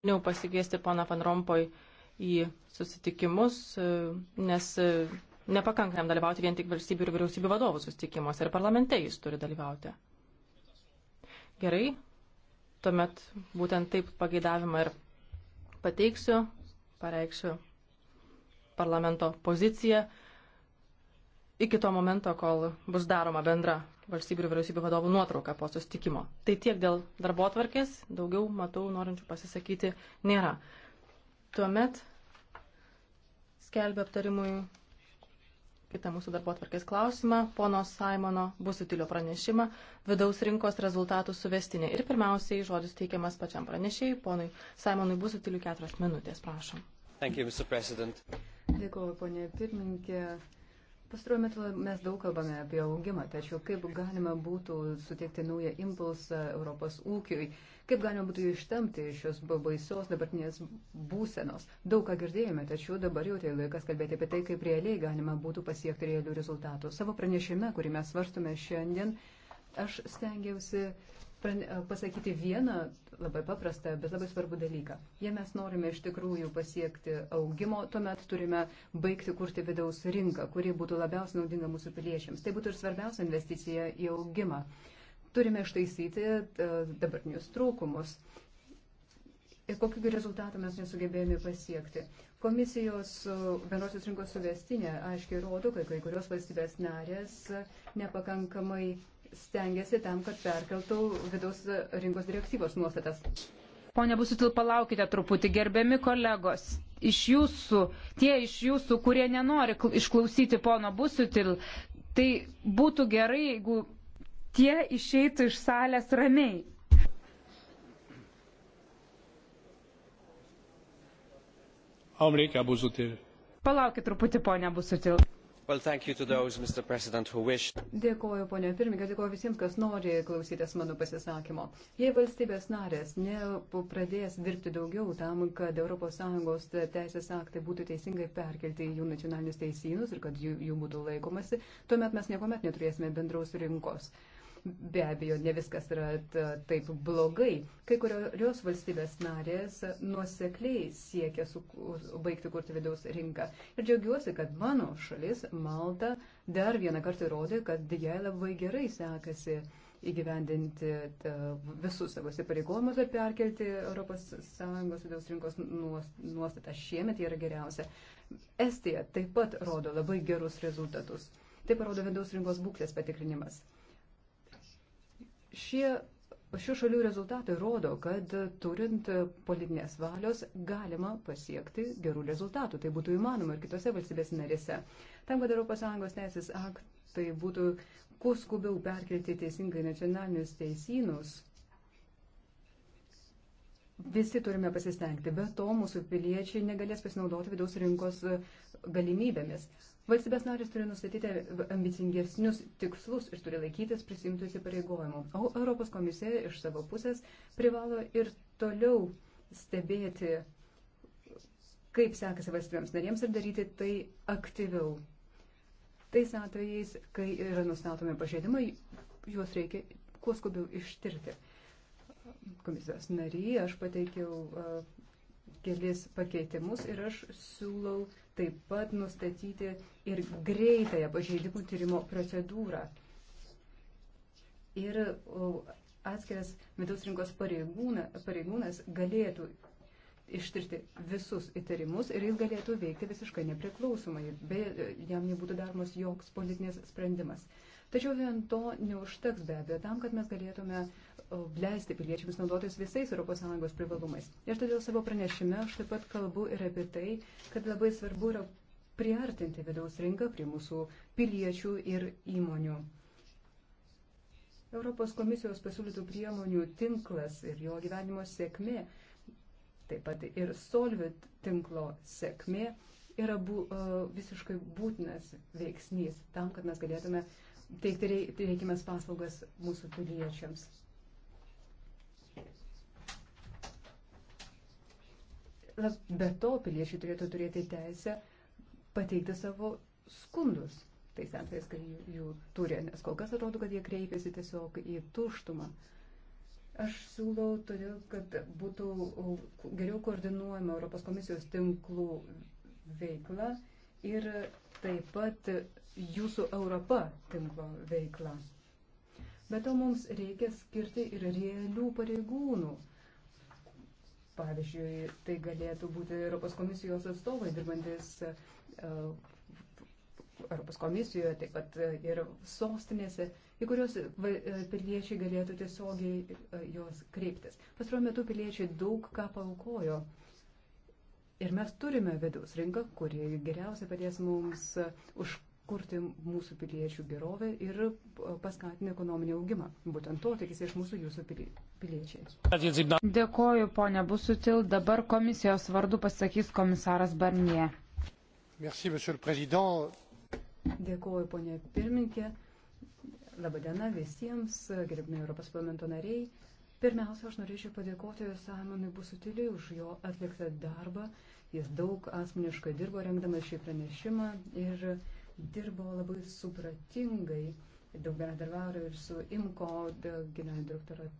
dažniau pasikviesti poną Van Rompoj į susitikimus, e, nes e, nepakanka jam dalyvauti vien tik valstybių ir vyriausybių vadovų susitikimuose ir parlamente jis turi dalyvauti. Gerai, tuomet būtent taip pageidavimą ir pateiksiu, pareikšiu parlamento poziciją iki to momento, kol bus daroma bendra valstybių ir vyriausybių vadovų nuotrauką po sustikimo. Tai tiek dėl darbo atvarkės, daugiau, matau, norinčių pasisakyti nėra. Tuomet skelbia aptarimui kitą mūsų darbo atvarkės klausimą, pono Saimono Busutilio pranešimą, vidaus rinkos rezultatų suvestinė. Ir pirmiausiai žodis teikiamas pačiam pranešėjai, ponui Saimonui Busutiliu keturios minutės, prašom. Thank you, Mr. President. Dėkuoju, ponė pirmininkė. Pastaruoju metu mes daug kalbame apie augimą, tačiau kaip galima būtų suteikti naują impulsą Europos ūkiui, kaip galima būtų ištemti iš šios baisios dabartinės būsenos. Daug ką girdėjome, tačiau dabar jau tai laikas kalbėti apie tai, kaip realiai galima būtų pasiekti realių rezultatų. Savo pranešime, kurį mes svarstume šiandien, aš stengiausi E, pasakyti vieną labai paprastą, bet labai svarbų dalyką. Jei mes norime iš tikrųjų pasiekti augimo, tuomet turime baigti kurti vidaus rinką, kuri būtų labiausiai naudinga mūsų piliečiams. Tai būtų ir svarbiausia investicija į augimą. Turime ištaisyti e, dabartinius trūkumus. Ir kokiu rezultatu mes nesugebėjome pasiekti. Komisijos e, bendrosios rinkos suvestinė aiškiai rodo, kad kai kurios valstybės narės nepakankamai stengiasi tam, kad perkeltų vidaus rinkos direktyvos nuostatas. Pone Busutil, palaukite truputį, gerbiami kolegos. Iš jūsų, tie iš jūsų, kurie nenori išklausyti pono Busutil, tai būtų gerai, jeigu tie išeitų iš salės ramiai. Omreikia Busutil. Palaukit truputį, ponia Busutil. Well, those, dėkoju, ponė pirmininkė, dėkoju visiems, kas nori klausytis mano pasisakymo. Jei valstybės narės nepradės dirbti daugiau tam, kad ES teisės aktai būtų teisingai perkelti į jų nacionalinius teisynus ir kad jų, jų būtų laikomasi, tuomet mes niekuomet neturėsime bendros rinkos. Be abejo, ne viskas yra taip blogai. Kai kurios valstybės narės nuosekliai siekia su, baigti kurti vidaus rinką. Ir džiaugiuosi, kad mano šalis, Malta, dar vieną kartą įrodė, kad jai labai gerai sekasi įgyvendinti visus savo įsipareigojimus ir perkelti ES vidaus rinkos nuostatą. Šiemet jie yra geriausia. Estija taip pat rodo labai gerus rezultatus. Tai parodo vidaus rinkos būklės patikrinimas. Šie, šių šalių rezultatai rodo, kad turint politinės valios galima pasiekti gerų rezultatų. Tai būtų įmanoma ir kitose valstybės narėse. Tam, kad Europos Sąjungos teisės aktai būtų kuo skubiau perkelti teisingai nacionalinius teisynus, Visi turime pasistengti, be to mūsų piliečiai negalės pasinaudoti vidaus rinkos galimybėmis. Valstybės narės turi nustatyti ambicingesnius tikslus ir turi laikytis prisimtų įsipareigojimų. O Europos komisija iš savo pusės privalo ir toliau stebėti, kaip sekasi valstybėms narėms ir daryti tai aktyviau. Tais atvejais, kai yra nustatomi pažeidimai, juos reikia kuo skubiau ištirti. Komisijos nariai, aš pateikiau uh, kelis pakeitimus ir aš siūlau taip pat nustatyti ir greitąją pažeidimų tyrimo procedūrą. Ir atskiras vidaus rinkos pareigūna, pareigūnas galėtų ištirti visus įtarimus ir jis galėtų veikti visiškai nepriklausomai, be jam nebūtų daromas joks politinės sprendimas. Tačiau vien to neužteks be abejo tam, kad mes galėtume uh, leisti piliečiams naudotis visais ES privalumais. Ir todėl savo pranešime aš taip pat kalbu ir apie tai, kad labai svarbu yra priartinti vidaus rinką prie mūsų piliečių ir įmonių. Europos komisijos pasiūlytų priemonių tinklas ir jo gyvenimo sėkmė, taip pat ir Solvit tinklo sėkmė yra bu, visiškai būtinas veiksnys tam, kad mes galėtume teikti reikimas paslaugas mūsų piliečiams. Be to, piliečiai turėtų turėti teisę pateikti savo skundus tais atvejais, kai jų, jų turi, nes kol kas atrodo, kad jie kreipiasi tiesiog į tuštumą. Aš siūlau todėl, kad būtų geriau koordinuojama Europos komisijos tinklų veikla ir taip pat jūsų Europa tinklo veikla. Bet to mums reikia skirti ir realių pareigūnų Pavyzdžiui, tai galėtų būti Europos komisijos atstovai dirbantis e, Europos komisijoje, taip pat e, ir sostinėse, į kuriuos e, piliečiai galėtų tiesiogiai jos kreiptis. Pastaruoju metu piliečiai daug ką paukojo. Ir mes turime vidaus rinką, kuri geriausiai padės mums už, kurti mūsų piliečių gerovę ir e, paskatinti ekonominį augimą. Būtent to tikisi iš mūsų jūsų piliečiai. Dėkoju, ponia Busutil. Dabar komisijos vardu pasakys komisaras Barnie. Merci, Dėkoju, ponia pirmininkė. Labadiena visiems, gerbimi Europos parlamento nariai. Pirmiausia, aš norėčiau padėkoti Simonui Busutiliui už jo atliktą darbą. Jis daug asmeniškai dirbo rengdamas šį pranešimą ir uh, dirbo labai supratingai, daug bendradarbiavo ir su IMCO generaliniu direktoriu,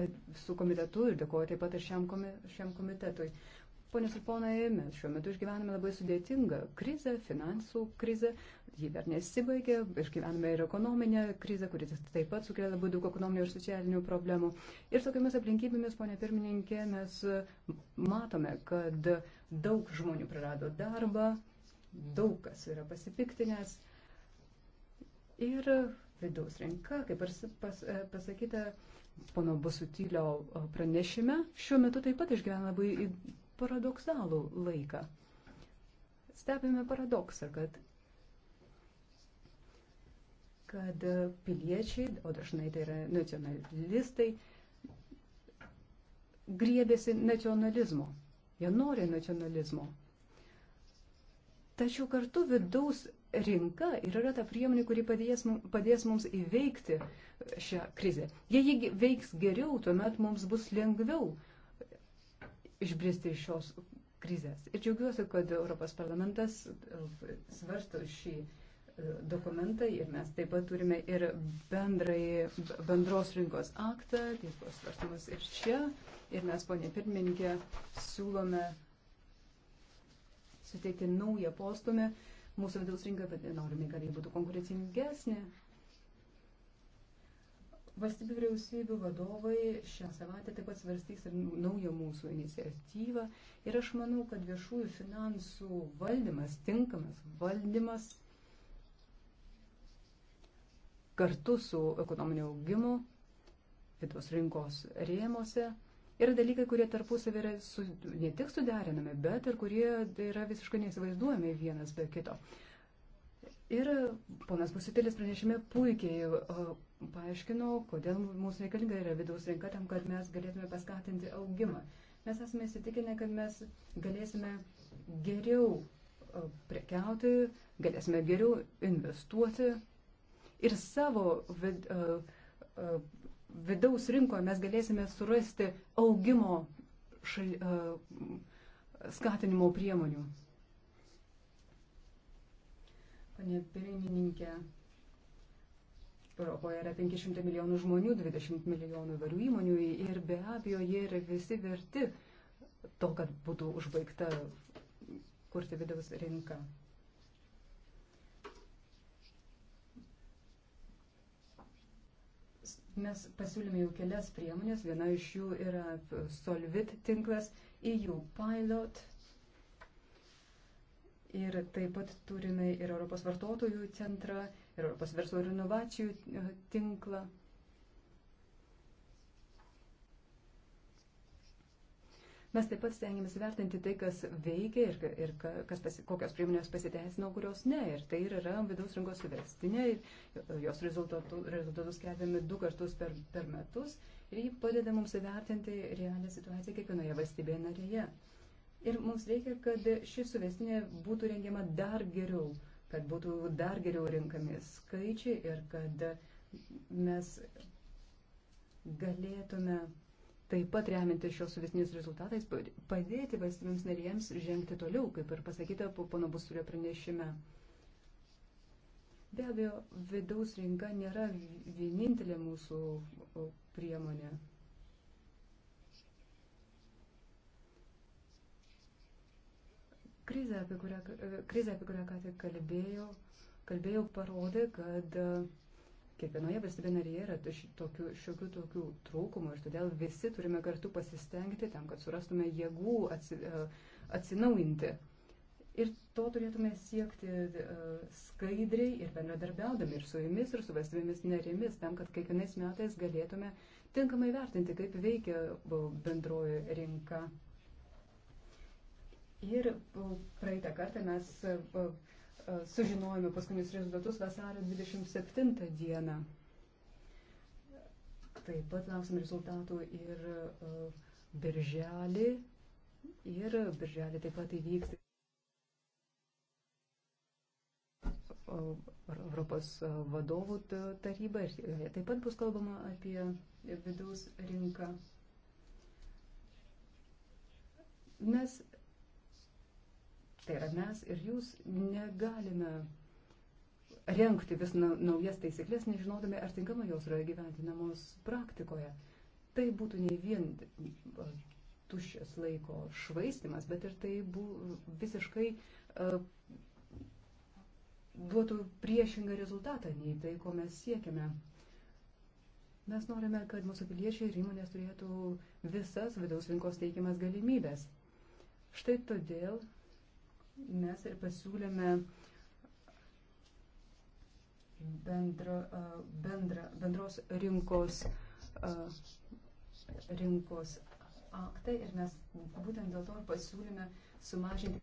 e, su komitetu ir dėkoju taip pat ir šiam, komi, šiam komitetui. Pone ir ponai, mes šiuo metu išgyvename labai sudėtingą krizę, finansų krizę, ji dar nesibaigė, išgyvename ir ekonominę krizę, kuris taip pat sukelia labai daug ekonominių ir socialinių problemų. Ir tokiamis aplinkybėmis, ponė pirmininkė, mes matome, kad daug žmonių prarado darbą, daug kas yra pasipiktinęs. Ir vidaus rinka, kaip ir pas, e, pasakyta pono Basutilio e, pranešime, šiuo metu taip pat išgyvena labai paradoksalų laiką. Stebime paradoksą, kad kad piliečiai, o dažnai tai yra nacionalistai, griebėsi nacionalizmo. Jie nori nacionalizmo. Tačiau kartu vidaus rinka ir yra ta priemonė, kuri padės, padės mums įveikti šią krizę. Jei ji veiks geriau, tuomet mums bus lengviau išbristi iš šios krizės. Ir džiaugiuosi, kad Europos parlamentas svarsto šį e, dokumentą ir mes taip pat turime ir bendrai, bendros rinkos aktą, jis buvo svarstamas ir čia. Ir mes, ponė pirmininkė, siūlome suteikti naują postumį mūsų vidaus rinkai, bet norime, kad ji būtų konkurencingesnė. Valstybių vyriausybių vadovai šią savaitę taip pat svarstys ir naują mūsų iniciatyvą. Ir aš manau, kad viešųjų finansų valdymas, tinkamas valdymas kartu su ekonominio augimu, vidaus rinkos rėmose Yra dalykai, kurie tarpusavį yra su, ne tik suderinami, bet ir kurie yra visiškai neįsivaizduojami vienas be kito. Ir ponas Pusitėlis pranešime puikiai paaiškino, kodėl mums reikalinga yra vidaus rinka tam, kad mes galėtume paskatinti augimą. Mes esame įsitikinę, kad mes galėsime geriau prekiauti, galėsime geriau investuoti ir savo vid, uh, uh, vidaus rinkoje mes galėsime surasti augimo šal, e, skatinimo priemonių. Pane pirmininkė, Europoje yra 500 milijonų žmonių, 20 milijonų įvairių įmonių ir be abejo jie yra visi verti to, kad būtų užbaigta kurti vidaus rinką. Mes pasiūlėme jau kelias priemonės, viena iš jų yra Solvit tinklas, EU Pilot. Ir taip pat turime ir Europos vartotojų centrą, ir Europos verslo ir inovacijų e, tinklą. Mes taip pat stengiamės vertinti tai, kas veikia ir, ir kas pasi, kokios priemonės pasiteisino, kurios ne. Ir tai ir yra vidaus rinkos suvestinė. Jos rezultatų, rezultatus skelbiame du kartus per, per metus ir ji padeda mums įvertinti realią situaciją kiekvienoje valstybėje narėje. Ir mums reikia, kad ši suvestinė būtų rengiama dar geriau, kad būtų dar geriau rinkami skaičiai ir kad mes galėtume Taip pat remintis šios suvesnės rezultatais padėti valstybėms narėms žengti toliau, kaip ir pasakyta pono Busurio pranešime. Be abejo, vidaus rinka nėra vienintelė mūsų priemonė. Krizė, apie kurią, krizė, apie kurią ką tik kalbėjau, kalbėjau parodė, kad uh, Kiekvienoje valstybė narėje yra tokių, šiokių tokių trūkumų ir todėl visi turime kartu pasistengti tam, kad surastume jėgų atsi, e, atsinaujinti. Ir to turėtume siekti e, skaidriai ir bendradarbiaudami ir su jumis, ir su valstybėmis narėmis, tam, kad kiekvienais metais galėtume tinkamai vertinti, kaip veikia e, bendroji rinka. Ir praeitą kartą mes E, sužinojome paskutinius rezultatus vasario 27 dieną. Taip pat lauksim rezultatų ir e, birželį. Ir birželį taip pat įvyks Europos vadovų taryba. Ir taip pat bus kalbama apie vidaus rinką. Mes tai yra mes ir jūs, negalime renkti vis naujas taisyklės, nežinodami, ar tinkamai jos yra gyventinamos praktikoje. Tai būtų ne vien tuščias laiko švaistimas, bet ir tai būtų visiškai uh, duotų priešingą rezultatą nei tai, ko mes siekiame. Mes norime, kad mūsų piliečiai ir įmonės turėtų visas vidaus rinkos teikiamas galimybės. Štai todėl mes ir pasiūlėme bendro, bendra, bendros rinkos, rinkos aktą ir mes būtent dėl to ir pasiūlėme sumažinti,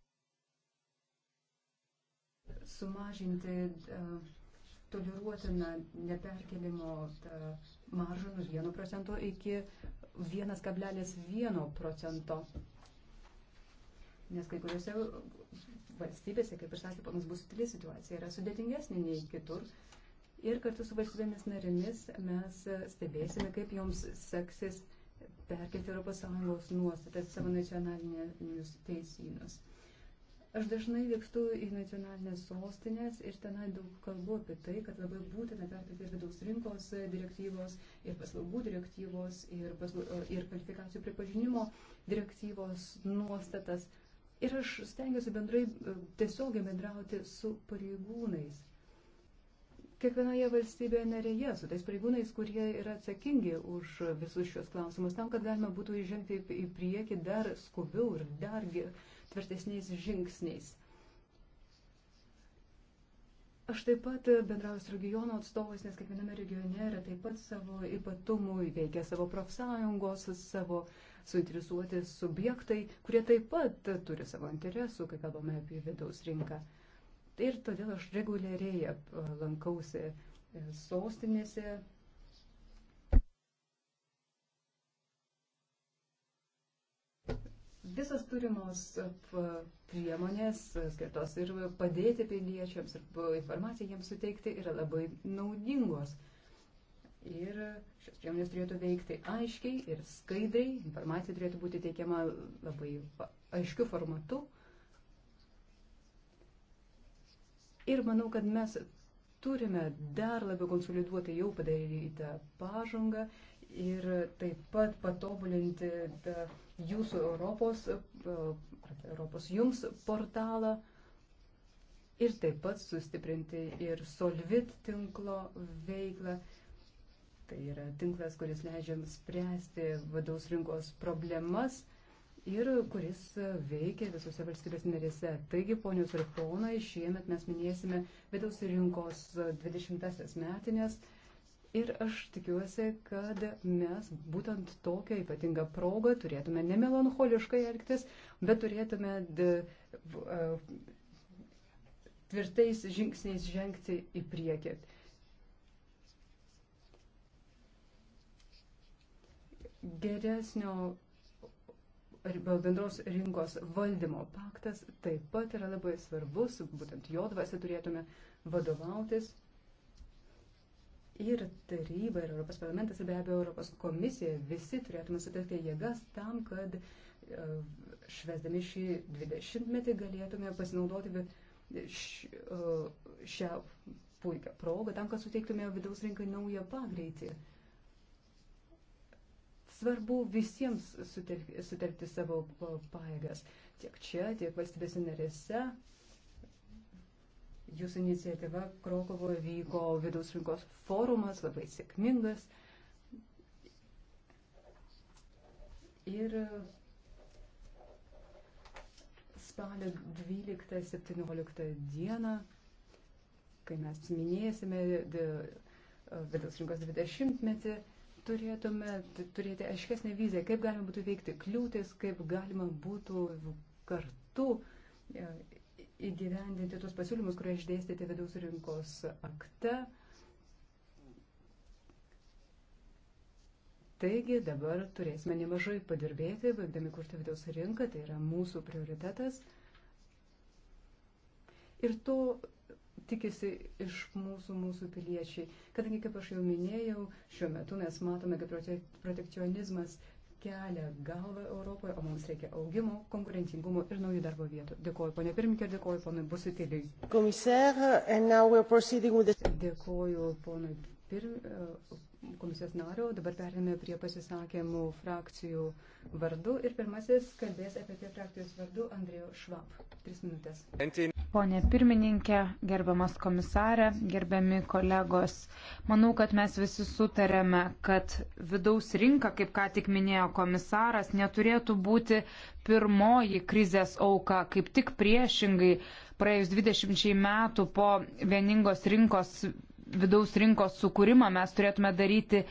sumažinti toleruotiną neperkelimo maržą nuo 1 procento iki 1,1 procento. Nes kai kuriuose valstybėse, kaip ir sakė panas Busutilis, situacija yra sudėtingesnė nei kitur. Ir kartu su valstybėmis narėmis mes stebėsime, kaip joms seksis perkelti ES nuostatas savo nacionalinius teisynus. Aš dažnai vykstu į nacionalinės sostinės ir tenai daug kalbu apie tai, kad labai būtina perkelti ir vidaus rinkos direktyvos, ir paslaugų direktyvos, ir, paslau, ir kvalifikacijų pripažinimo direktyvos nuostatas. Ir aš stengiuosi bendrai e, tiesiogiai bendrauti su pareigūnais. Kiekvienoje valstybėje narėje, su tais pareigūnais, kurie yra atsakingi už visus šios klausimus, tam, kad galima būtų įžengti į priekį dar skubiau ir dar tvirtesniais žingsniais. Aš taip pat bendrauju su regiono atstovais, nes kiekviename regione yra taip pat savo ypatumų, veikia savo profsąjungos, savo uh, suinteresuoti subjektai, kurie taip pat turi savo interesų, kai kalbame apie vidaus rinką. Ir todėl aš reguliariai lankausi e, sostinėse. Visas turimos priemonės e, skirtos ir padėti piliečiams, ir informaciją jiems suteikti yra labai naudingos. Ir šios priemonės turėtų veikti aiškiai ir skaidriai, informacija turėtų būti teikiama labai aiškiu formatu. Ir manau, kad mes turime dar labiau konsoliduoti jau padarytą pažangą ir taip pat patobulinti jūsų Europos, Europos jums portalą ir taip pat sustiprinti ir Solvit tinklo veiklą. Tai yra tinklas, kuris leidžia spręsti vidaus rinkos problemas ir kuris veikia visose valstybės narėse. Taigi, ponius ir ponai, šiemet mes minėsime vidaus rinkos 20-asias metinės. Ir aš tikiuosi, kad mes būtent tokią ypatingą progą turėtume ne melancholiškai elgtis, bet turėtume d, v, v, tvirtais žingsniais žengti į priekį. geresnio bendros rinkos valdymo paktas taip pat yra labai svarbus, būtent jo dvasia turėtume vadovautis. Ir taryba, ir Europos parlamentas, ir be abejo Europos komisija, visi turėtume sutelkti jėgas tam, kad e, švesdami šį 20-metį galėtume pasinaudoti e, šią puikią progą tam, kad suteiktume vidaus rinkai naują pagreitį svarbu visiems sutelkti, sutelkti savo paėgas, tiek čia, tiek valstybėse narėse. Jūsų iniciatyva Krokovoje vyko vidaus rinkos forumas, labai sėkmingas. Ir spalio 12-17 dieną, kai mes minėsime vidaus rinkos 20 metį, turėtume turėti aiškesnę viziją, kaip galima būtų veikti kliūtis, kaip galima būtų kartu e, įgyvendinti tuos pasiūlymus, kurie išdėstyti vidaus rinkos akte. Taigi dabar turėsime nemažai padirbėti, bandami kurti vidaus rinką, tai yra mūsų prioritetas. Ir to tikisi iš mūsų, mūsų piliečiai. Kadangi, kaip aš jau minėjau, šiuo metu mes matome, kad protekcionizmas kelia galvą Europoje, o mums reikia augimo, konkurencingumo ir naujų darbo vietų. Dėkuoju, ponė pirmininkė, dėkuoju, ponui Busutėliui. Dėkuoju, ponui pir, e, komisijos nario. Dabar perėmė prie pasisakymų frakcijų vardu ir pirmasis kalbės apie tai frakcijos vardu Andrėjo Švab. Tris minutės. Pone pirmininkė, gerbiamas komisarė, gerbiami kolegos, manau, kad mes visi sutarėme, kad vidaus rinka, kaip ką tik minėjo komisaras, neturėtų būti pirmoji krizės auka, kaip tik priešingai praėjus 20 metų po vieningos rinkos vidaus rinkos sukūrimą, mes turėtume daryti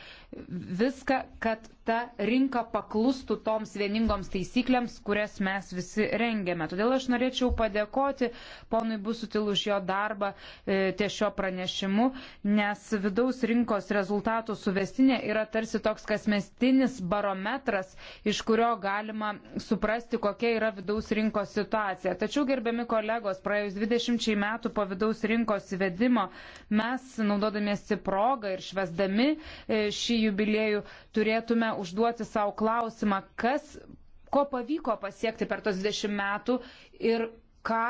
viską, kad ta rinka paklustų toms vieningoms taisyklėms, kurias mes visi rengėme. Todėl aš norėčiau padėkoti ponui Busutil už jo darbą e, ties šio pranešimu, nes vidaus rinkos rezultatų suvestinė yra tarsi toks kasmestinis barometras, iš kurio galima suprasti, kokia yra vidaus rinkos situacija. Tačiau, gerbiami kolegos, praėjus 20 metų po vidaus rinkos įvedimo mes, naudodamiesi progą ir švesdami e, šį jubiliejų, turėtume užduoti savo klausimą, kas, ko pavyko pasiekti per tos 20 metų ir ką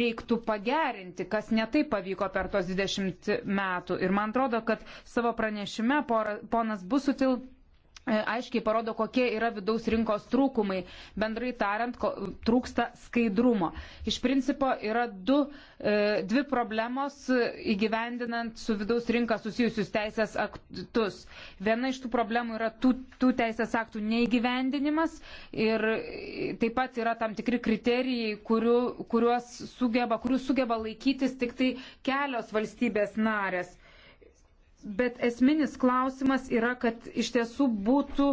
reiktų pagerinti, kas netai pavyko per tos 20 metų. Ir man atrodo, kad savo pranešime ponas Busutil E, aiškiai parodo, kokie yra vidaus rinkos trūkumai. Bendrai tariant, ko, trūksta skaidrumo. Iš principo yra du, e, dvi problemos įgyvendinant su vidaus rinka susijusius teisės aktus. Viena iš tų problemų yra tų, tų teisės aktų neįgyvendinimas ir taip pat yra tam tikri kriterijai, kuriu, kuriuos sugeba, kurių sugeba laikytis tik tai kelios valstybės narės bet esminis klausimas yra, kad iš tiesų būtų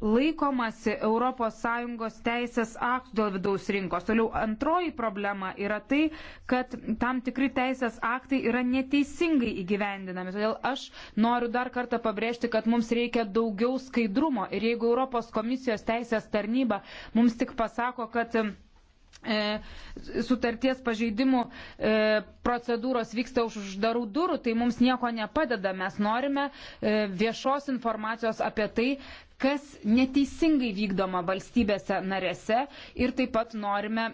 laikomasi ES teisės aktų dėl vidaus rinkos. Toliau antroji problema yra tai, kad tam tikri teisės aktai yra neteisingai įgyvendinami. Todėl aš noriu dar kartą pabrėžti, kad mums reikia daugiau skaidrumo. Ir jeigu ES teisės tarnyba mums tik pasako, kad E, sutarties pažeidimų e, procedūros vyksta už uždarų durų, tai mums nieko nepadeda. Mes norime e, viešos informacijos apie tai, kas neteisingai vykdoma valstybėse narėse ir taip pat norime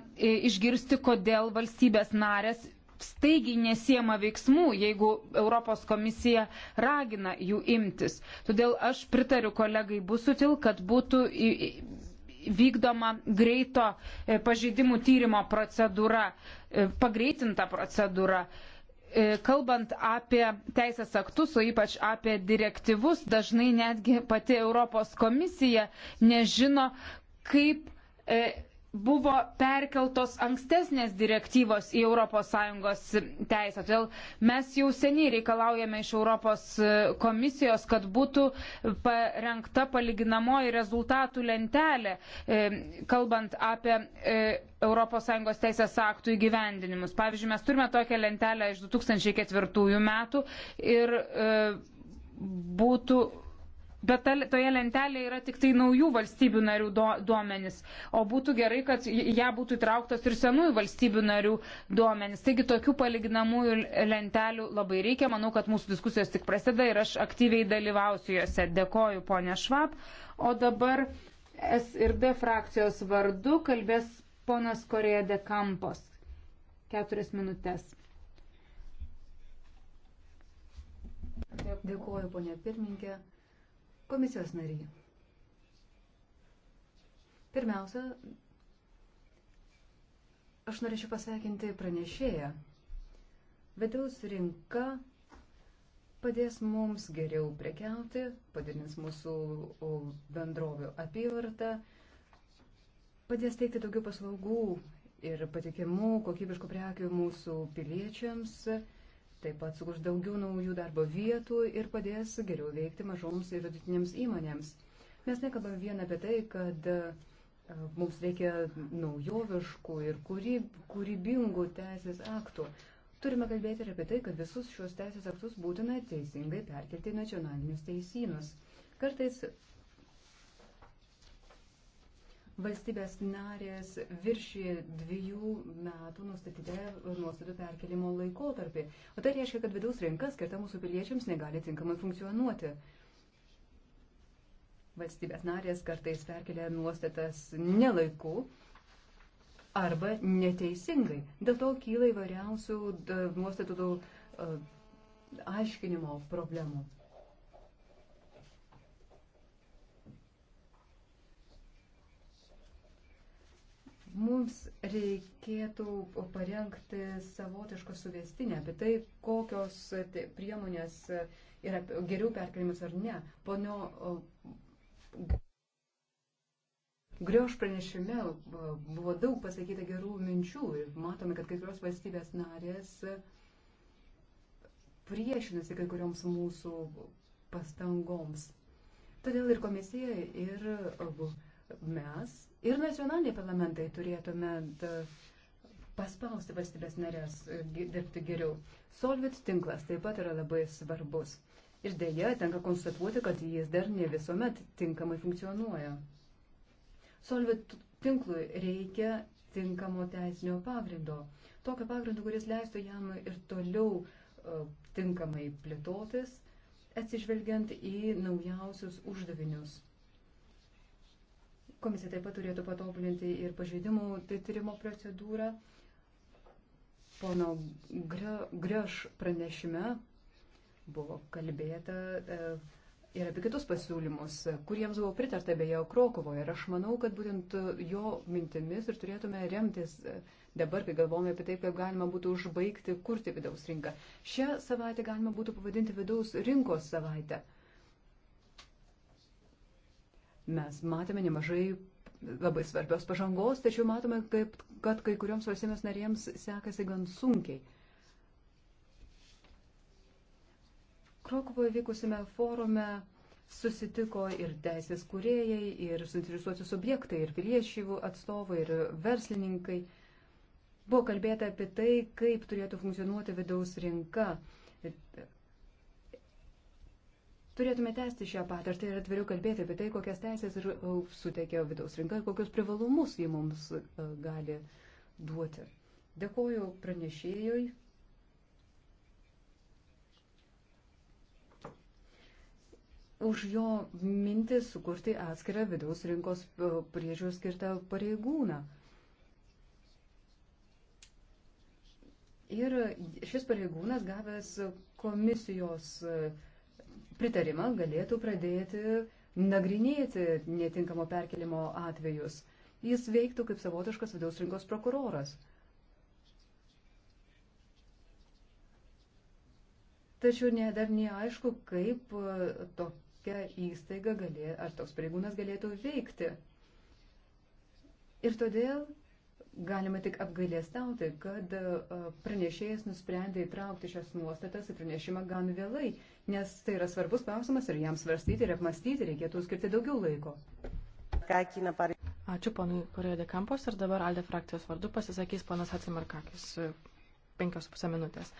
išgirsti, kodėl valstybės narės staigiai nesiema veiksmų, jeigu Europos komisija ragina jų imtis. Todėl aš pritariu kolegai Busutil, kad būtų vykdoma greito e, pažeidimų tyrimo procedūra, e, pagreitinta procedūra. E, kalbant apie teisės aktus, o ypač apie direktyvus, dažnai netgi pati Europos komisija nežino, kaip buvo perkeltos ankstesnės direktyvos į ES teisę. Todėl mes jau seniai reikalaujame iš Europos komisijos, kad būtų parengta palyginamoji rezultatų lentelė, e, kalbant apie ES teisės aktų įgyvendinimus. Pavyzdžiui, mes turime tokią lentelę iš 2004 metų ir e, būtų bet ta, toje lentelėje yra tik tai naujų valstybių narių do, duomenys, o būtų gerai, kad ją būtų įtrauktos ir senųjų valstybių narių duomenys. Taigi tokių palyginamųjų lentelių labai reikia, manau, kad mūsų diskusijos tik prasideda ir aš aktyviai dalyvausiu juose. Dėkoju, ponė Švab. O dabar S ir D frakcijos vardu kalbės ponas Korėja de Campos. Keturias minutės. Dėkuoju, ponė pirmininkė. Komisijos nariai. Pirmiausia, aš norėčiau pasveikinti pranešėją. Vidaus rinka padės mums geriau prekiauti, padidins mūsų bendrovių apyvartą, padės teikti daugiau paslaugų ir patikimų kokybiškų prekių mūsų piliečiams taip pat sukurs daugiau naujų darbo vietų ir padės geriau veikti mažoms ir vidutinėms įmonėms. Mes nekalbame vien apie tai, kad e, mums reikia naujoviškų ir kūrybingų teisės aktų. Turime kalbėti ir apie tai, kad visus šios teisės aktus būtina teisingai perkelti į nacionalinius teisynus. Kartais valstybės narės viršyje dviejų metų nustatytę nuostatų perkelimo laikotarpį. O tai reiškia, kad vidaus rinka skirta mūsų piliečiams negali tinkamai funkcionuoti. Valstybės narės kartais perkelia nuostatas nelaiku arba neteisingai. Dėl to kyla įvairiausių nuostatų aiškinimo problemų. mums reikėtų parengti savotišką suvestinę apie tai, kokios priemonės yra geriau perkeliamas ar ne. Pono Grioš pranešime buvo daug pasakyta gerų minčių ir matome, kad kai kurios valstybės narės priešinasi kai kurioms mūsų pastangoms. Todėl ir komisija, ir mes ir nacionaliniai parlamentai turėtume paspausti valstybės narės e, dirbti geriau. Solvit tinklas taip pat yra labai svarbus. Ir dėja, tenka konstatuoti, kad jis dar ne visuomet tinkamai funkcionuoja. Solvit tinklui reikia tinkamo teisinio pagrindo. Tokio pagrindo, kuris leistų jam ir toliau uh, tinkamai plėtotis, atsižvelgiant į naujausius uždavinius. Komisija taip pat turėtų patobulinti ir pažeidimų tai tyrimo procedūrą. Pono Greš pranešime buvo kalbėta e, ir apie kitus pasiūlymus, kuriems buvo pritarta beje Krokovoje. Ir aš manau, kad būtent jo mintimis ir turėtume remtis e, dabar, kai galvome apie tai, kaip galima būtų užbaigti kurti vidaus rinką. Šią savaitę galima būtų pavadinti vidaus rinkos savaitę. Mes matėme nemažai labai svarbios pažangos, tačiau matome, kaip, kad kai kurioms valstybės narėms sekasi gan sunkiai. Krokovoje vykusime forume susitiko ir teisės kuriejai, ir suinteresuoti subjektai, ir piliečių atstovai, ir verslininkai. Buvo kalbėta apie tai, kaip turėtų funkcionuoti vidaus rinka, Turėtume tęsti šią patirtį tai ir atviriau kalbėti apie tai, kokias teisės ir e, suteikia vidaus rinka ir kokius privalumus jį mums e, gali duoti. Dėkoju pranešėjui. Už jo mintį sukurti atskirą vidaus rinkos e, priežiūrą skirtą pareigūną. Ir šis pareigūnas gavęs komisijos uh, pritarimą galėtų pradėti nagrinėti netinkamo perkelimo atvejus. Jis veiktų kaip savotiškas vidaus rinkos prokuroras. Tačiau ne, dar neaišku, kaip e, tokia įstaiga galė, ar toks pareigūnas galėtų veikti. Ir todėl galima tik apgailėstauti, kad e, pranešėjas nusprendė įtraukti šias nuostatas į pranešimą gan vėlai nes tai yra svarbus klausimas ir jam svarstyti ir apmastyti reikėtų skirti daugiau laiko. Ačiū ponui Korėjo de Kampos ir dabar Alde frakcijos vardu pasisakys ponas Hatsimarkakis. E, penkios pusę minutės.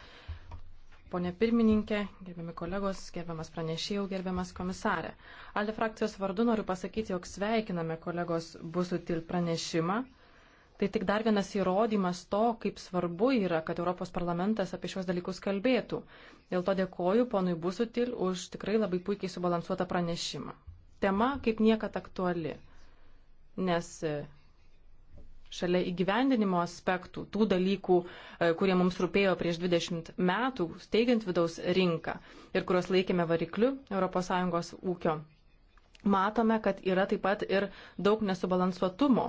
Pone pirmininkė, gerbiami kolegos, gerbiamas pranešėjau, gerbiamas komisarė. Alde frakcijos vardu noriu pasakyti, jog sveikiname kolegos Busutil pranešimą. Tai tik dar vienas įrodymas to, kaip svarbu yra, kad Europos parlamentas apie šios dalykus kalbėtų. Dėl to dėkoju ponui Busutil už tikrai labai puikiai subalansuotą pranešimą. Tema kaip niekad aktuali, nes e, šalia įgyvendinimo aspektų, tų dalykų, e, kurie mums rūpėjo prieš 20 metų, steigiant vidaus rinką ir kuriuos laikėme varikliu ES ūkio, matome, kad yra taip pat ir daug nesubalansuotumo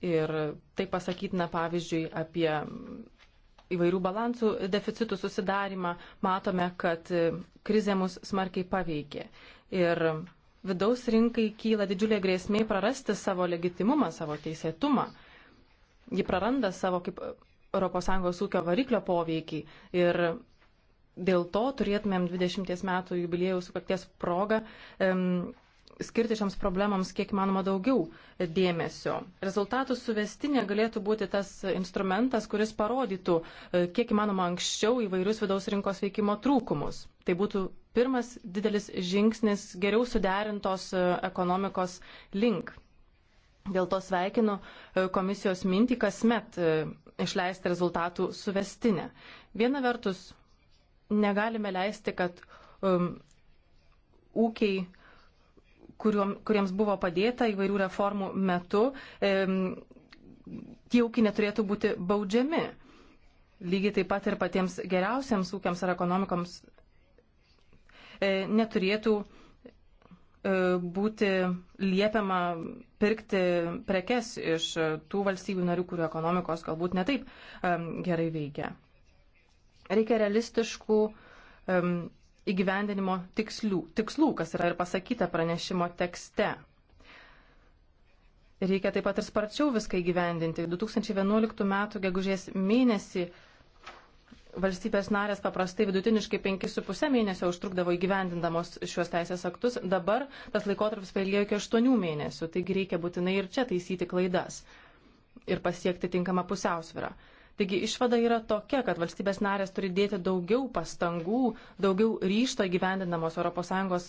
Ir tai pasakytina pavyzdžiui apie įvairių balansų deficitų susidarimą. Matome, kad krizė mus smarkiai paveikė. Ir vidaus rinkai kyla didžiulė grėsmė prarasti savo legitimumą, savo teisėtumą. Ji praranda savo kaip ES ūkio variklio poveikį. Ir dėl to turėtumėm 20 metų jubiliejaus sukakties progą um, skirti šiams problemams kiek manoma daugiau dėmesio. Rezultatų suvestinė galėtų būti tas instrumentas, kuris parodytų e, kiek manoma anksčiau įvairius vidaus rinkos veikimo trūkumus. Tai būtų pirmas didelis žingsnis geriau suderintos e, ekonomikos link. Dėl to sveikinu e, komisijos mintį kasmet išleisti rezultatų suvestinę. Viena vertus, negalime leisti, kad um, ūkiai kuriuom, kuriems buvo padėta įvairių reformų metu, e, tie ūkiai neturėtų būti baudžiami. Lygiai taip pat ir patiems geriausiams ūkiams ar ekonomikoms e, neturėtų e, būti liepiama pirkti prekes iš tų valstybių narių, kurių ekonomikos galbūt netaip e, gerai veikia. Reikia realistiškų e, įgyvendinimo tikslių, tikslų, kas yra ir pasakyta pranešimo tekste. Reikia taip pat ir sparčiau viską įgyvendinti. 2011 m. gegužės mėnesį valstybės narės paprastai vidutiniškai 5,5 mėnesio užtrukdavo įgyvendindamos šiuos teisės aktus, dabar tas laikotarpis vėlėjo iki 8 mėnesių, taigi reikia būtinai ir čia taisyti klaidas ir pasiekti tinkamą pusiausvyrą. Taigi išvada yra tokia, kad valstybės narės turi dėti daugiau pastangų, daugiau ryšto gyvendinamos ES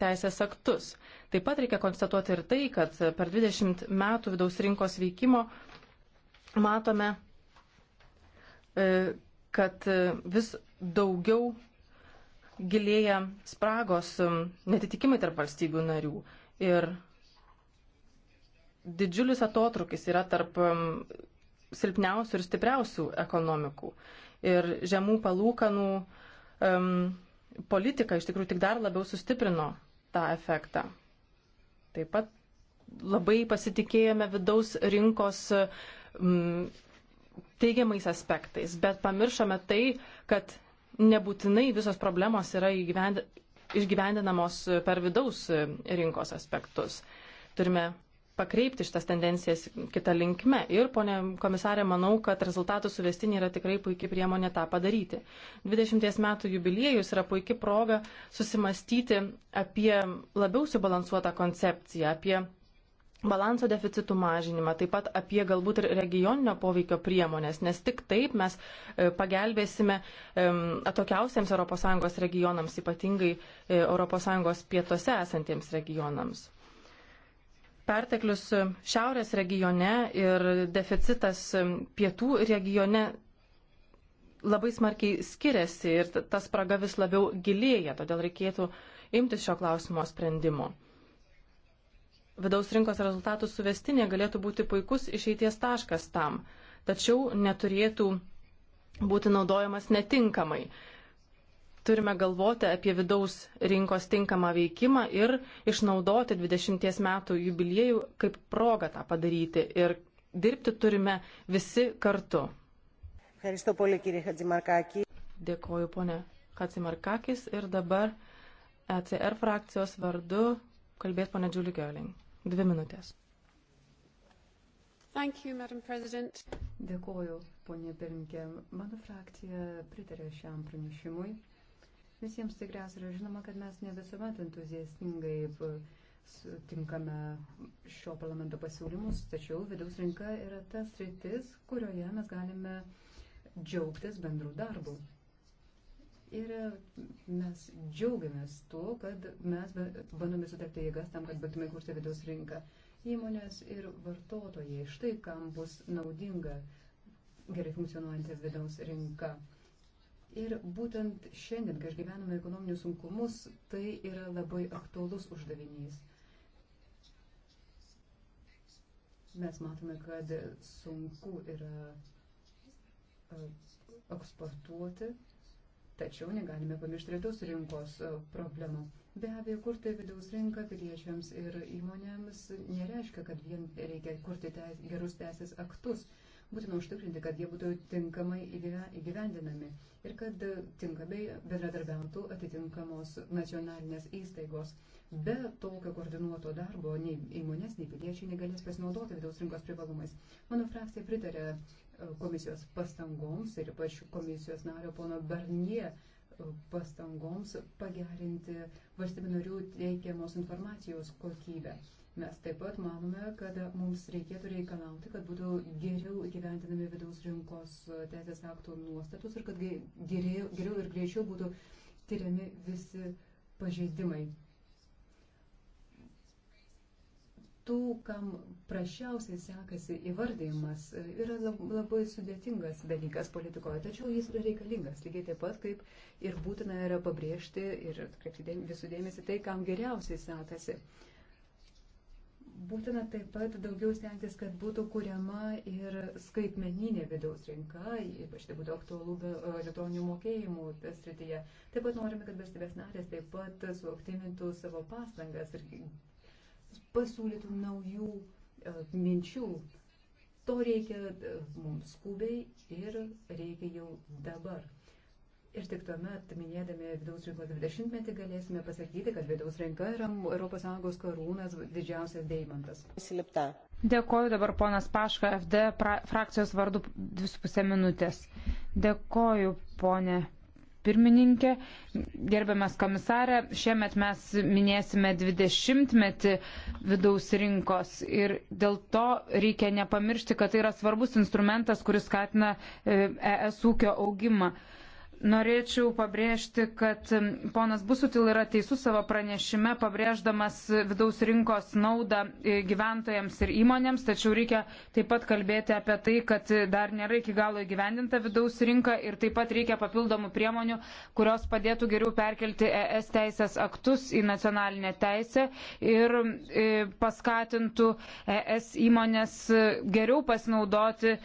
teisės aktus. Taip pat reikia konstatuoti ir tai, kad per 20 metų vidaus rinkos veikimo matome, e, kad vis daugiau gilėja spragos e, netitikimai tarp valstybių narių. Ir didžiulis atotrukis yra tarp e, silpniausių ir stipriausių ekonomikų. Ir žemų palūkanų um, politika iš tikrųjų tik dar labiau sustiprino tą efektą. Taip pat labai pasitikėjome vidaus rinkos um, teigiamais aspektais, bet pamiršome tai, kad nebūtinai visos problemos yra išgyvendinamos per vidaus rinkos aspektus. Turime pakreipti šitas tendencijas kitą linkme. Ir, ponė komisarė, manau, kad rezultatų suvestinė yra tikrai puikia priemonė tą padaryti. 20 metų jubiliejus yra puikia proga susimastyti apie labiau subalansuotą koncepciją, apie balanso deficitų mažinimą, taip pat apie galbūt ir regioninio poveikio priemonės, nes tik taip mes e, pagelbėsime atokiausiams ES regionams, ypatingai ES pietuose esantiems regionams perteklius šiaurės regione ir deficitas pietų regione labai smarkiai skiriasi ir tas spraga vis labiau gilėja, todėl reikėtų imtis šio klausimo sprendimo. Vidaus rinkos rezultatų suvestinė galėtų būti puikus išeities taškas tam, tačiau neturėtų būti naudojamas netinkamai turime galvoti apie vidaus rinkos tinkamą veikimą ir išnaudoti 20 metų jubiliejų kaip progą tą padaryti. Ir dirbti turime visi kartu. Dėkoju, ponė Hatsimarkakis. Ir dabar ECR frakcijos vardu kalbės ponė Julie Gerling. Dvi minutės. You, Dėkoju, ponė Pirinkė. Mano frakcija pritarė šiam pranešimui. Visiems tikriausiai yra žinoma, kad mes ne visuomet entuziastingai sutinkame šio parlamento pasiūlymus, tačiau vidaus rinka yra tas rytis, kurioje mes galime džiaugtis bendrų darbų. Ir mes džiaugiamės tuo, kad mes bandome sutelkti jėgas tam, kad baigtume kurti vidaus rinką. Įmonės ir vartotojai, štai kam bus naudinga gerai funkcionuojanti vidaus rinka. Ir būtent šiandien, kai išgyvename ekonominius sunkumus, tai yra labai aktuolus uždavinys. Mes matome, kad sunku yra e, eksportuoti, tačiau negalime pamiršti rytos rinkos e, problemų. Be abejo, kurti vidaus rinką piliečiams ir įmonėms nereiškia, kad vien reikia kurti teis, gerus teisės aktus būtina užtikrinti, kad jie būtų tinkamai įgyvendinami ir kad tinkamai bendradarbiautų atitinkamos nacionalinės įstaigos. Be tokio koordinuoto darbo nei įmonės, nei piliečiai negalės pasinaudoti vidaus rinkos privalumais. Mano frakcija pritarė e, komisijos pastangoms ir ypač komisijos nario pono Barnie e, pastangoms pagerinti valstybių narių teikiamos informacijos kokybę. Mes taip pat manome, kad mums reikėtų reikalauti, kad būtų geriau įgyventinami vidaus rinkos e, teisės aktų nuostatus ir kad geriau, geriau ir greičiau būtų tyriami visi pažeidimai. Tų, kam prašiausiai sekasi įvardėjimas, e, yra labai sudėtingas dalykas politikoje, tačiau jis yra reikalingas, lygiai taip pat kaip ir būtina yra pabrėžti ir atkreipti visų dėmesį tai, kam geriausiai sekasi. Uh, Būtina taip pat daugiau stengtis, kad būtų kuriama ir skaitmeninė vidaus rinka, ypač tai būtų aktualu e, elektroninių mokėjimų srityje. Taip pat norime, kad valstybės narės taip pat suaktyvintų savo pastangas ir pasiūlytų naujų e, minčių. To reikia e, mums skubiai ir reikia jau dabar. Ir tik tuomet, minėdami vidaus rinkos 20-metį, galėsime pasakyti, kad vidaus rinka yra ES karūnas didžiausias deimantas. Slipta. Dėkoju dabar ponas Paška, FD pra, frakcijos vardu 2,5 minutės. Dėkoju, ponė pirmininkė, gerbiamas komisarė, šiemet mes minėsime 20-metį vidaus rinkos ir dėl to reikia nepamiršti, kad tai yra svarbus instrumentas, kuris skatina ES e ūkio augimą. Norėčiau pabrėžti, kad ponas Busutil yra teisus savo pranešime, pabrėždamas vidaus rinkos naudą e, gyventojams ir įmonėms, tačiau reikia taip pat kalbėti apie tai, kad dar nėra iki galo įgyvendinta vidaus rinka ir taip pat reikia papildomų priemonių, kurios padėtų geriau perkelti ES teisės aktus į nacionalinę teisę ir e, paskatintų ES įmonės e, geriau pasinaudoti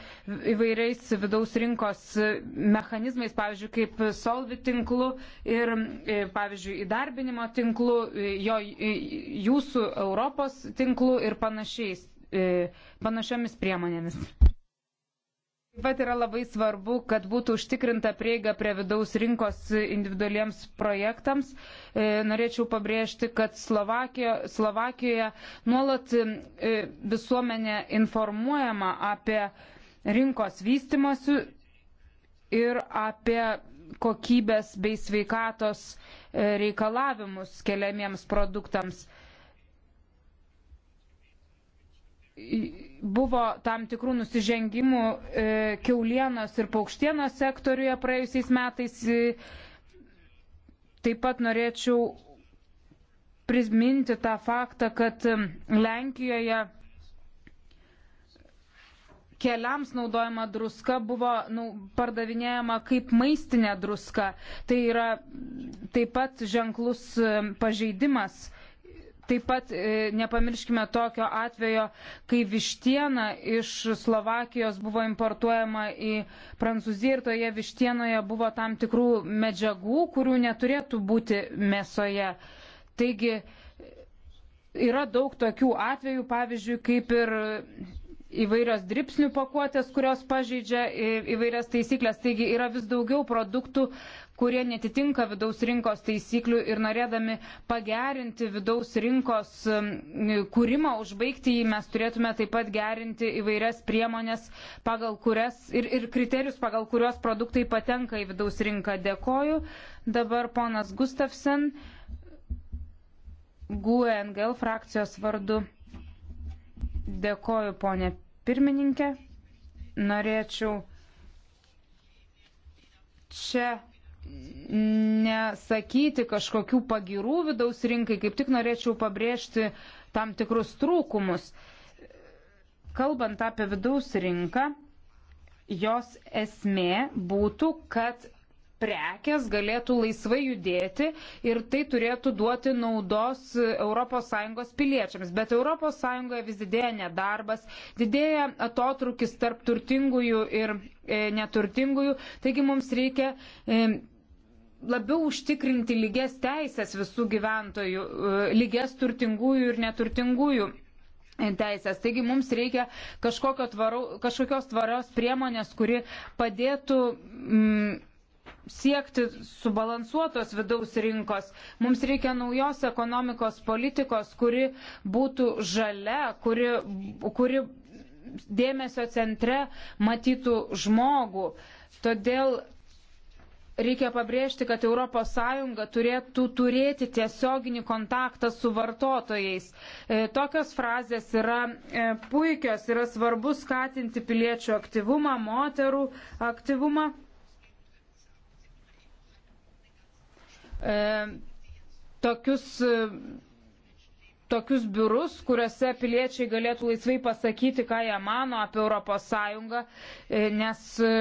įvairiais vidaus rinkos mechanizmais, pavyzdžiui, kaip Solvi tinklu ir, e, pavyzdžiui, įdarbinimo tinklu, e, jo, e, jūsų Europos tinklu ir panašiais, panašiomis priemonėmis. Taip pat yra labai svarbu, kad būtų užtikrinta prieiga prie vidaus rinkos individualiems projektams. Norėčiau pabrėžti, kad Slovakijo, Slovakijoje nuolat visuomenė informuojama apie rinkos vystimosių ir apie kokybės bei sveikatos e, reikalavimus keliamiems produktams. Buvo tam tikrų nusižengimų e, keulienos ir paukštienos sektoriuje praėjusiais metais. E, taip pat norėčiau priminti tą faktą, kad e, Lenkijoje keliams naudojama druska buvo nu, pardavinėjama kaip maistinė druska. Tai yra taip pat ženklus e, pažeidimas. Taip pat e, nepamirškime tokio atvejo, kai vištiena iš Slovakijos buvo importuojama į Prancūziją ir toje vištienoje buvo tam tikrų medžiagų, kurių neturėtų būti mėsoje. Taigi yra daug tokių atvejų, pavyzdžiui, kaip ir įvairios dripsnių pakuotės, kurios pažeidžia įvairias taisyklės. Taigi yra vis daugiau produktų, kurie netitinka vidaus rinkos taisyklių ir norėdami pagerinti vidaus rinkos kūrimą, užbaigti jį, mes turėtume taip pat gerinti įvairias priemonės pagal kurias, ir, ir kriterijus, pagal kuriuos produktai patenka į vidaus rinką. Dėkoju. Dabar ponas Gustafsen, GUNGL frakcijos vardu. Dėkoju, ponė pirmininkė. Norėčiau čia nesakyti kažkokių pagirų vidaus rinkai, kaip tik norėčiau pabrėžti tam tikrus trūkumus. Kalbant apie vidaus rinką, jos esmė būtų, kad prekės galėtų laisvai judėti ir tai turėtų duoti naudos ES piliečiams. Bet ES vis didėja nedarbas, didėja atotrukis tarp turtingųjų ir e, neturtingųjų, taigi mums reikia e, labiau užtikrinti lygias teisės visų gyventojų, e, lygias turtingųjų ir neturtingųjų teisės. Taigi mums reikia tvaro, kažkokios tvarios priemonės, kuri padėtų mm, siekti subalansuotos vidaus rinkos. Mums reikia naujos ekonomikos politikos, kuri būtų žalia, kuri, kuri dėmesio centre matytų žmogų. Todėl reikia pabrėžti, kad ES turėtų turėti tiesioginį kontaktą su vartotojais. E, tokios frazės yra e, puikios, yra svarbu skatinti piliečių aktyvumą, moterų aktyvumą. e, tokius, e, tokius biurus, kuriuose piliečiai galėtų laisvai pasakyti, ką jie mano apie Europos Sąjungą, e, nes e,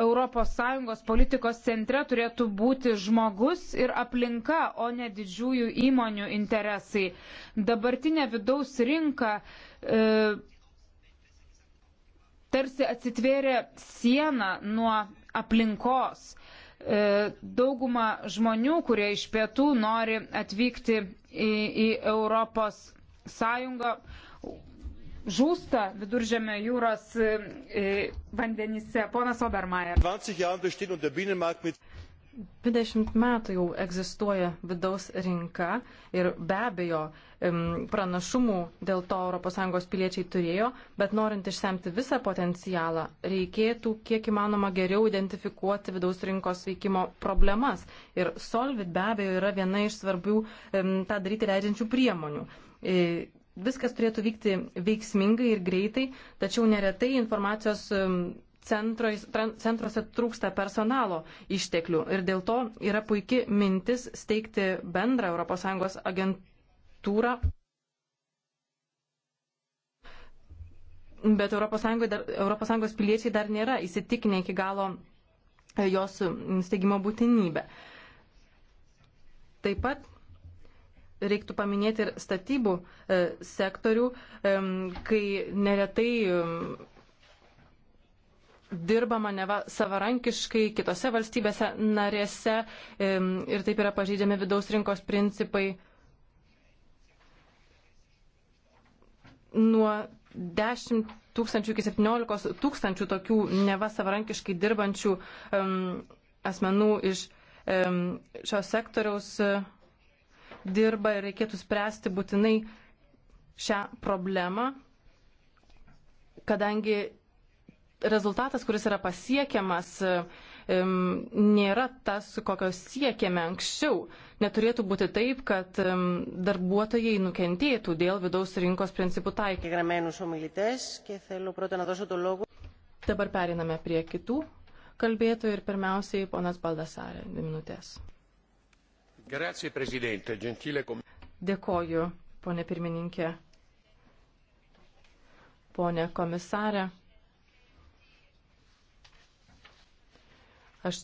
Europos Sąjungos politikos centre turėtų būti žmogus ir aplinka, o ne didžiųjų įmonių interesai. Dabartinė vidaus rinka e, tarsi atsitvėrė sieną nuo aplinkos. E, E, dauguma žmonių, kurie iš pietų nori atvykti į, į Europos Sąjungą, žūsta viduržėmio jūros e, vandenyse. Ponas Obermajer. 20 metų jau egzistuoja vidaus rinka ir be abejo pranašumų dėl to ES piliečiai turėjo, bet norint išsemti visą potencialą, reikėtų kiek įmanoma geriau identifikuoti vidaus rinkos veikimo problemas. Ir Solvit be abejo yra viena iš svarbių tą daryti leidžiančių priemonių. E, viskas turėtų vykti veiksmingai ir greitai, tačiau neretai informacijos centruose trūksta personalo išteklių ir dėl to yra puikia mintis steigti bendrą ES agentūrą. Bet ES, dar, ES piliečiai dar nėra įsitikinę iki galo e, jos steigimo būtinybę. Taip pat reiktų paminėti ir statybų e, sektorių, kai neretai dirbama neva savarankiškai kitose valstybėse narėse ir taip yra pažeidžiami vidaus rinkos principai. Nuo 10 tūkstančių iki 17 tūkstančių tokių neva savarankiškai dirbančių um, asmenų iš um, šio sektoriaus uh, dirba ir reikėtų spręsti būtinai šią problemą, kadangi rezultatas, kuris yra pasiekiamas, nėra tas, kokio siekėme anksčiau. Neturėtų būti taip, kad darbuotojai nukentėtų dėl vidaus rinkos principų taikymo. Dabar periname prie kitų kalbėtojų ir pirmiausiai ponas Baldasarė, dvi minutės. Grazie, prezidente, gentile komisija. Dėkoju, ponė pirmininkė, ponė komisarė. Aš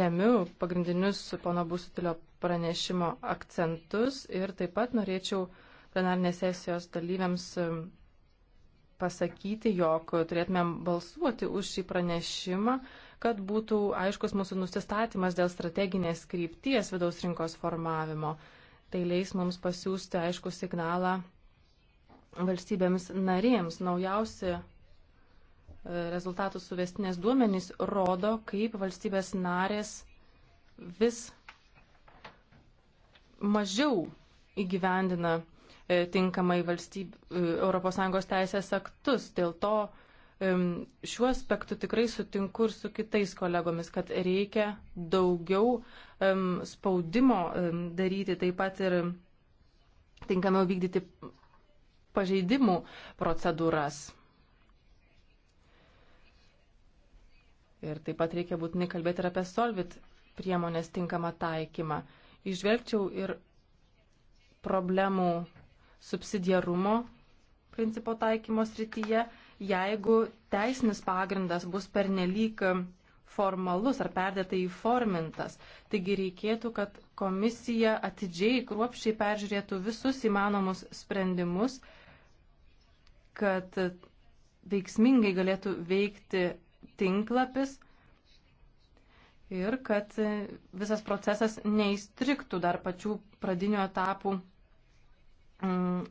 remiu pagrindinius pono Busutilio pranešimo akcentus ir taip pat norėčiau plenarnės sesijos dalyviams um, pasakyti, jog turėtumėm balsuoti už šį pranešimą, kad būtų aiškus mūsų nusistatymas dėl strateginės krypties vidaus rinkos formavimo. Tai leis mums pasiūsti aišku signalą valstybėms narėms. Naujausi rezultatų suvestinės duomenys rodo, kaip valstybės narės vis mažiau įgyvendina e, tinkamai valstyb, e, ES teisės aktus. Dėl to šiuo aspektu tikrai sutinku ir su kitais kolegomis, kad reikia daugiau spaudimo daryti, taip pat ir tinkamiau vykdyti pažeidimų procedūras. Ir taip pat reikia būtinai kalbėti ir apie solvit priemonės tinkamą taikymą. Išvelgčiau ir problemų subsidiarumo principo taikymo srityje, jeigu teisinis pagrindas bus pernelyg formalus ar perdėtai įformintas. Taigi reikėtų, kad komisija atidžiai, kruopščiai peržiūrėtų visus įmanomus sprendimus, kad veiksmingai galėtų veikti tinklapis ir kad visas procesas neįstriktų dar pačių pradinių etapų mm,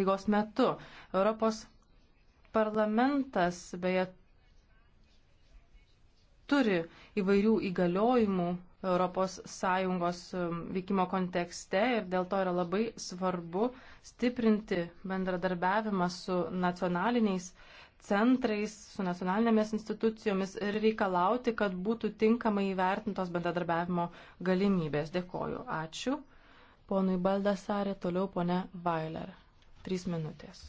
eigos metu. Europos parlamentas beje turi įvairių įgaliojimų ES mm, veikimo kontekste ir dėl to yra labai svarbu stiprinti bendradarbiavimą su nacionaliniais uh, centrais, su nacionalinėmis institucijomis ir reikalauti, kad būtų tinkamai įvertintos bendradarbiavimo galimybės. Dėkoju. Ačiū. Ponui Baldasarė, toliau ponė Vailer. Trys minutės.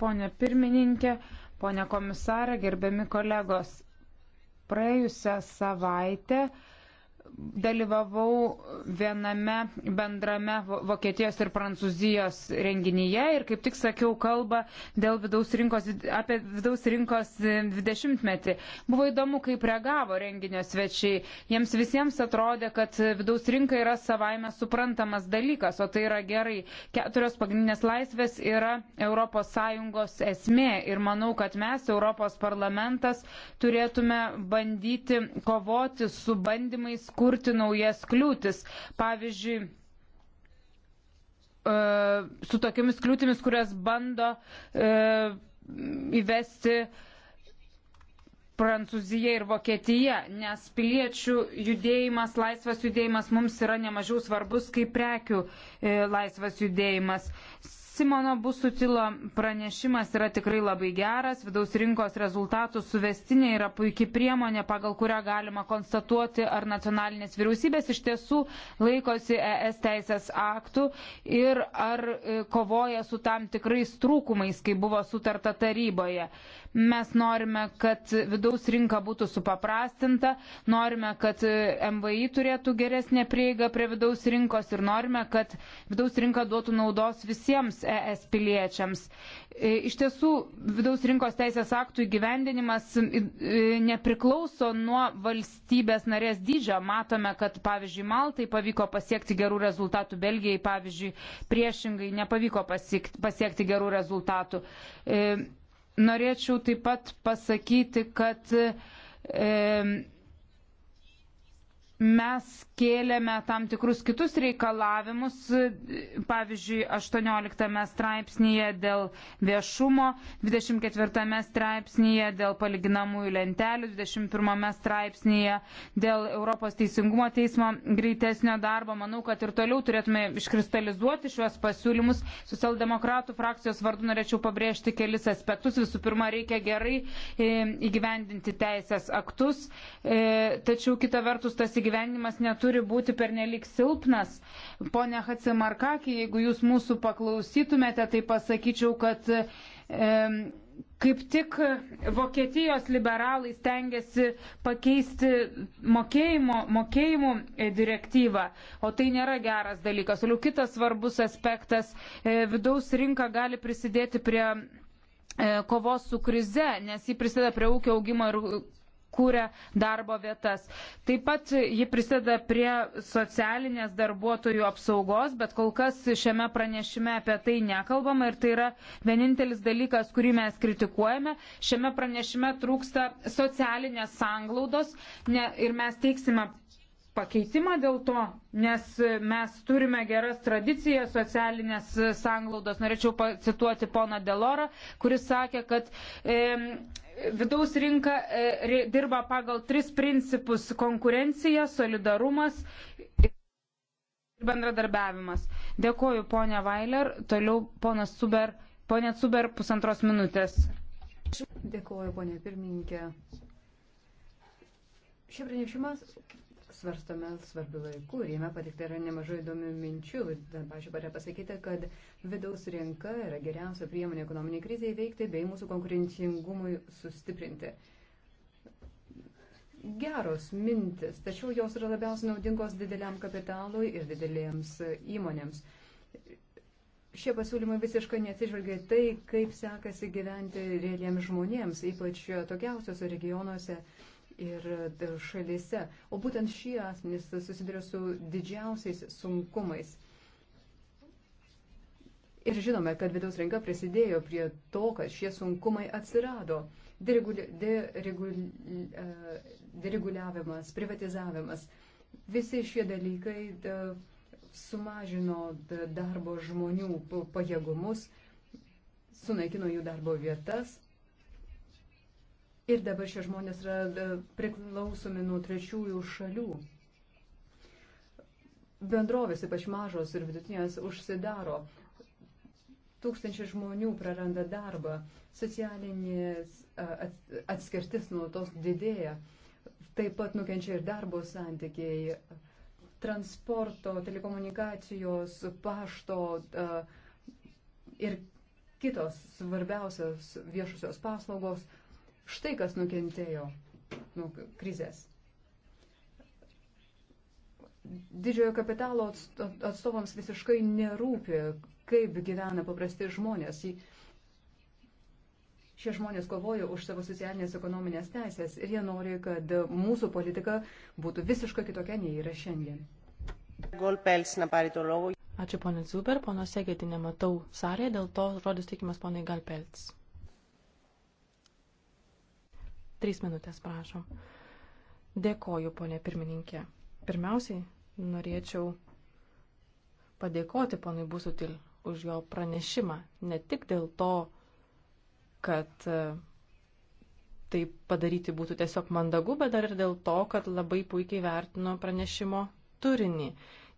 Pone pirmininkė, pone komisarė, gerbiami kolegos. Praėjusią savaitę uh, dalyvavau viename bendrame Vokietijos ir Prancūzijos renginyje ir kaip tik sakiau kalbą dėl vidaus rinkos, apie vidaus rinkos 20-metį. Buvo įdomu, kaip reagavo renginio svečiai. Jiems visiems atrodė, kad vidaus rinka yra savaime suprantamas dalykas, o tai yra gerai. Keturios pagrindinės laisvės yra ES esmė ir manau, kad mes, Europos parlamentas, turėtume bandyti kovoti su bandymais kurti naujas kliūtis. Pavyzdžiui, e, su tokiamis kliūtimis, kurias bando e, įvesti Prancūzija ir Vokietija, nes piliečių judėjimas, laisvas judėjimas mums yra nemažiau svarbus kaip prekių e, laisvas judėjimas. Simono Busutilo pranešimas yra tikrai labai geras, vidaus rinkos rezultatų suvestinė yra puikia priemonė, pagal kurią galima konstatuoti, ar nacionalinės vyriausybės iš tiesų laikosi ES teisės aktų ir ar e, kovoja su tam tikrais trūkumais, kai buvo sutarta taryboje. Mes norime, kad vidaus rinka būtų supaprastinta, norime, kad MVI turėtų geresnę prieigą prie vidaus rinkos ir norime, kad vidaus rinka duotų naudos visiems ES piliečiams. E, iš tiesų, vidaus rinkos teisės aktų įgyvendinimas e, nepriklauso nuo valstybės narės dydžio. Matome, kad pavyzdžiui, Maltai pavyko pasiekti gerų rezultatų, Belgijai pavyzdžiui, priešingai nepavyko pasiekti gerų rezultatų. E, norėčiau taip pat pasakyti, kad e, mes kėlėme tam tikrus kitus reikalavimus, pavyzdžiui, 18 straipsnėje dėl viešumo, 24 straipsnėje dėl palyginamųjų lentelių, 21 straipsnėje dėl Europos teisingumo teismo greitesnio darbo. Manau, kad ir toliau turėtume iškristalizuoti šiuos pasiūlymus. Socialdemokratų frakcijos vardu norėčiau pabrėžti kelis aspektus. Visų pirma, reikia gerai e, įgyvendinti teisės aktus, e, tačiau kita vertus tas įgyvendinimas įgyvenimas neturi būti pernelik silpnas. Pone Hatsimarkakį, jeigu jūs mūsų paklausytumėte, tai pasakyčiau, kad e, kaip tik Vokietijos liberalai stengiasi pakeisti mokėjimo, mokėjimų e, direktyvą, o tai nėra geras dalykas. Toliau kitas svarbus aspektas e, - vidaus rinka gali prisidėti prie e, kovos su krize, nes jį prisideda prie ūkio augimo ir kūrė darbo vietas. Taip pat ji prisideda prie socialinės darbuotojų apsaugos, bet kol kas šiame pranešime apie tai nekalbama ir tai yra vienintelis dalykas, kurį mes kritikuojame. Šiame pranešime trūksta socialinės sanglaudos ne, ir mes teiksime pakeitimą dėl to, nes mes turime geras tradicijas socialinės sanglaudos. Norėčiau pacituoti poną Delorą, kuris sakė, kad e, Vidaus rinka e, dirba pagal tris principus - konkurencija, solidarumas ir bendradarbiavimas. Dėkoju, ponia Vailer. Toliau, ponas Suber. Pone Suber, pusantros minutės. Dėkoju, ponia pirmininkė. Šie pranešimas svarstome svarbių laikų ir jame patikta yra nemažai įdomių minčių. Pavyzdžiui, yra pasakyta, kad vidaus rinka yra geriausia priemonė ekonominiai kriziai veikti bei mūsų konkurencingumui sustiprinti. Geros mintis, tačiau jos yra labiausiai naudingos dideliam kapitalui ir didelėms įmonėms. Šie pasiūlymai visiškai neatsižvelgia tai, kaip sekasi gyventi realiems žmonėms, ypač tokiausiose regionuose, ir e, šalyse. O būtent šie asmenys susiduria su didžiausiais sunkumais. Ir žinome, kad vidaus rinka prisidėjo prie to, kad šie sunkumai atsirado. Dereguli, deregul, e, dereguliavimas, privatizavimas. Visi šie dalykai da, e, sumažino da, darbo žmonių pajėgumus, sunaikino jų darbo vietas Ir dabar šie žmonės yra e, priklausomi nuo trečiųjų šalių. Bendrovės, ypač mažos ir vidutinės, užsidaro. Tūkstančiai žmonių praranda darbą. Socialinės atskirtis nuolatos didėja. Taip pat nukenčia ir darbo santykiai, transporto, telekomunikacijos, pašto ir kitos svarbiausios viešusios paslaugos Štai kas nukentėjo nuo krizės. Didžiojo kapitalo atstovams visiškai nerūpi, kaip gyvena paprasti žmonės. Šie žmonės kovoja už savo socialinės ekonominės teisės ir jie nori, kad mūsų politika būtų visiškai kitokia, nei yra šiandien. Ačiū ponė Zuber, pono Segėti nematau salėje, dėl to žodis teikimas ponai Galpelts. Trys minutės, prašom. Dėkoju, ponė pirmininkė. Pirmiausiai norėčiau padėkoti ponui Busutil už jo pranešimą. Ne tik dėl to, kad e, tai padaryti būtų tiesiog mandagu, bet dar ir dėl to, kad labai puikiai vertino pranešimo turinį.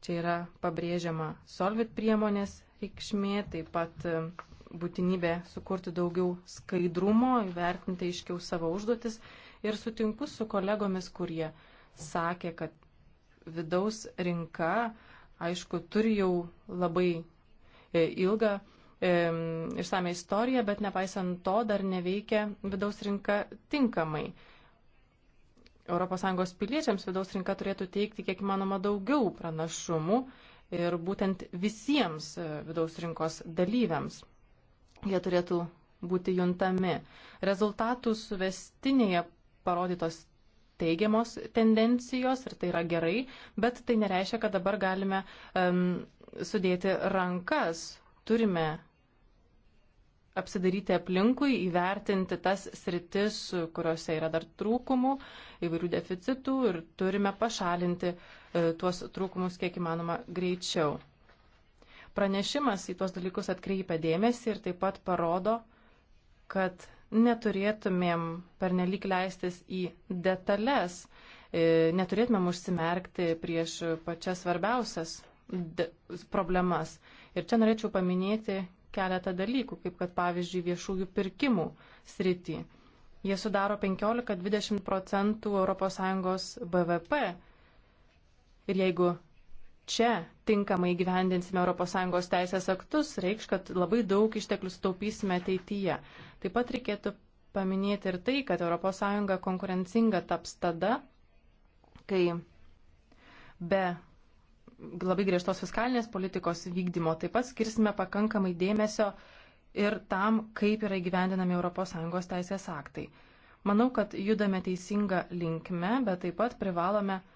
Čia yra pabrėžiama solvit priemonės reikšmė, taip pat e, būtinybė sukurti daugiau skaidrumo, įvertinti aiškiau savo užduotis ir sutinku su kolegomis, kurie sakė, kad vidaus rinka, aišku, turi jau labai e, ilgą e, išsame istoriją, bet nepaisant to dar neveikia vidaus rinka tinkamai. ES piliečiams vidaus rinka turėtų teikti kiek įmanoma daugiau pranašumų ir būtent visiems e, vidaus rinkos dalyviams jie turėtų būti juntami. Rezultatų suvestinėje parodytos teigiamos tendencijos ir tai yra gerai, bet tai nereiškia, kad dabar galime um, sudėti rankas. Turime apsidaryti aplinkui, įvertinti tas sritis, kuriuose yra dar trūkumų, įvairių deficitų ir turime pašalinti e, tuos trūkumus kiek įmanoma greičiau pranešimas į tuos dalykus atkreipia dėmesį ir taip pat parodo, kad neturėtumėm pernelyg leistis į detalės, e, neturėtumėm užsimerkti prieš pačias svarbiausias problemas. Ir čia norėčiau paminėti keletą dalykų, kaip kad pavyzdžiui viešųjų pirkimų srity. Jie sudaro 15-20 procentų ES BVP. Ir jeigu čia tinkamai gyvendinsime ES teisės aktus, reikš, kad labai daug išteklių sutaupysime ateityje. Taip pat reikėtų paminėti ir tai, kad ES konkurencinga taps tada, kai be labai griežtos fiskalinės politikos vykdymo taip pat skirsime pakankamai dėmesio ir tam, kaip yra įgyvendinami ES teisės aktai. Manau, kad judame teisinga linkme, bet taip pat privalome uh,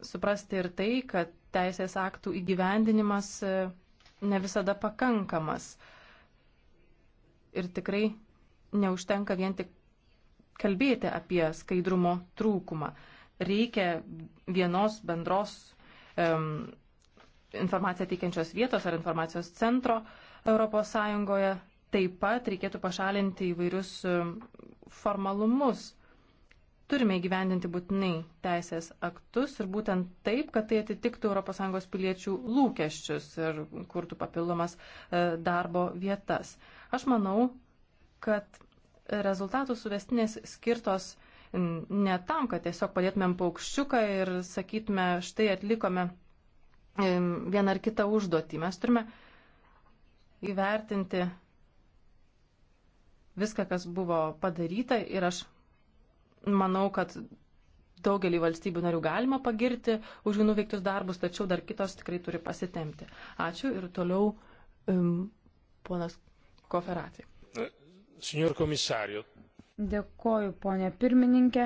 suprasti ir tai, kad teisės aktų įgyvendinimas e, ne visada pakankamas. Ir tikrai neužtenka vien tik kalbėti apie skaidrumo trūkumą. Reikia vienos bendros um, informaciją teikiančios vietos ar informacijos centro ES. Taip pat reikėtų pašalinti įvairius formalumus turime įgyvendinti būtinai teisės aktus ir būtent taip, kad tai atitiktų ES piliečių lūkesčius ir kurtų papildomas e, darbo vietas. Aš manau, kad rezultatų suvestinės skirtos ne tam, kad tiesiog padėtumėm paukščiuką ir sakytume, štai atlikome vieną ar kitą užduotį. Mes turime įvertinti viską, kas buvo padaryta ir aš manau, kad daugelį valstybių narių galima pagirti už jų nuveiktus darbus, tačiau dar kitos tikrai turi pasitemti. Ačiū ir toliau um, ponas Koferatai. Signor komisario. Dėkoju, ponė pirmininkė.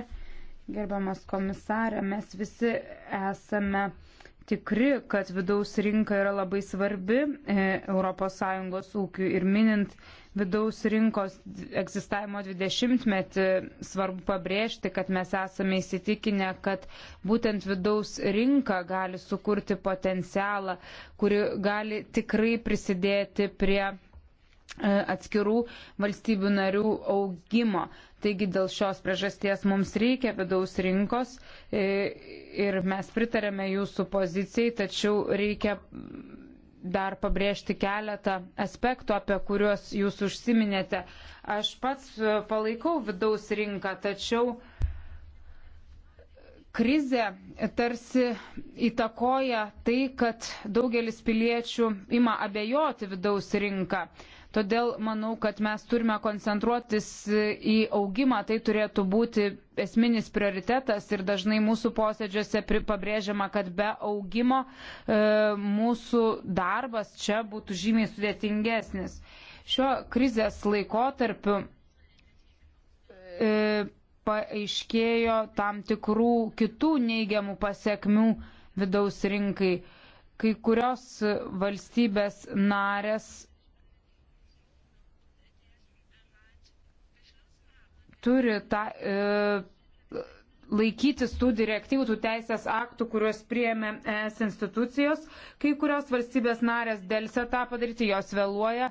Gerbiamas komisarė, mes visi esame tikri, kad vidaus rinka yra labai svarbi ES ūkiui ir minint vidaus rinkos egzistavimo 20-metį svarbu pabrėžti, kad mes esame įsitikinę, kad būtent vidaus rinka gali sukurti potencialą, kuri gali tikrai prisidėti prie e, atskirų valstybių narių augimo. Taigi dėl šios priežasties mums reikia vidaus rinkos e, ir mes pritarėme jūsų pozicijai, tačiau reikia dar pabrėžti keletą aspektų, apie kuriuos jūs užsiminėte. Aš pats e, palaikau vidaus rinką, tačiau krizė tarsi įtakoja tai, kad daugelis piliečių ima abejoti vidaus rinką. Todėl manau, kad mes turime koncentruotis į augimą, tai turėtų būti esminis prioritetas ir dažnai mūsų posėdžiuose pabrėžiama, kad be augimo e, mūsų darbas čia būtų žymiai sudėtingesnis. Šio krizės laikotarpiu e, paaiškėjo tam tikrų kitų neigiamų pasiekmių vidaus rinkai. Kai kurios valstybės narės turi tą. E, laikytis tų direktyvų, tų teisės aktų, kuriuos priemė ES institucijos. Kai kurios valstybės narės dėlse tą padaryti, jos vėluoja,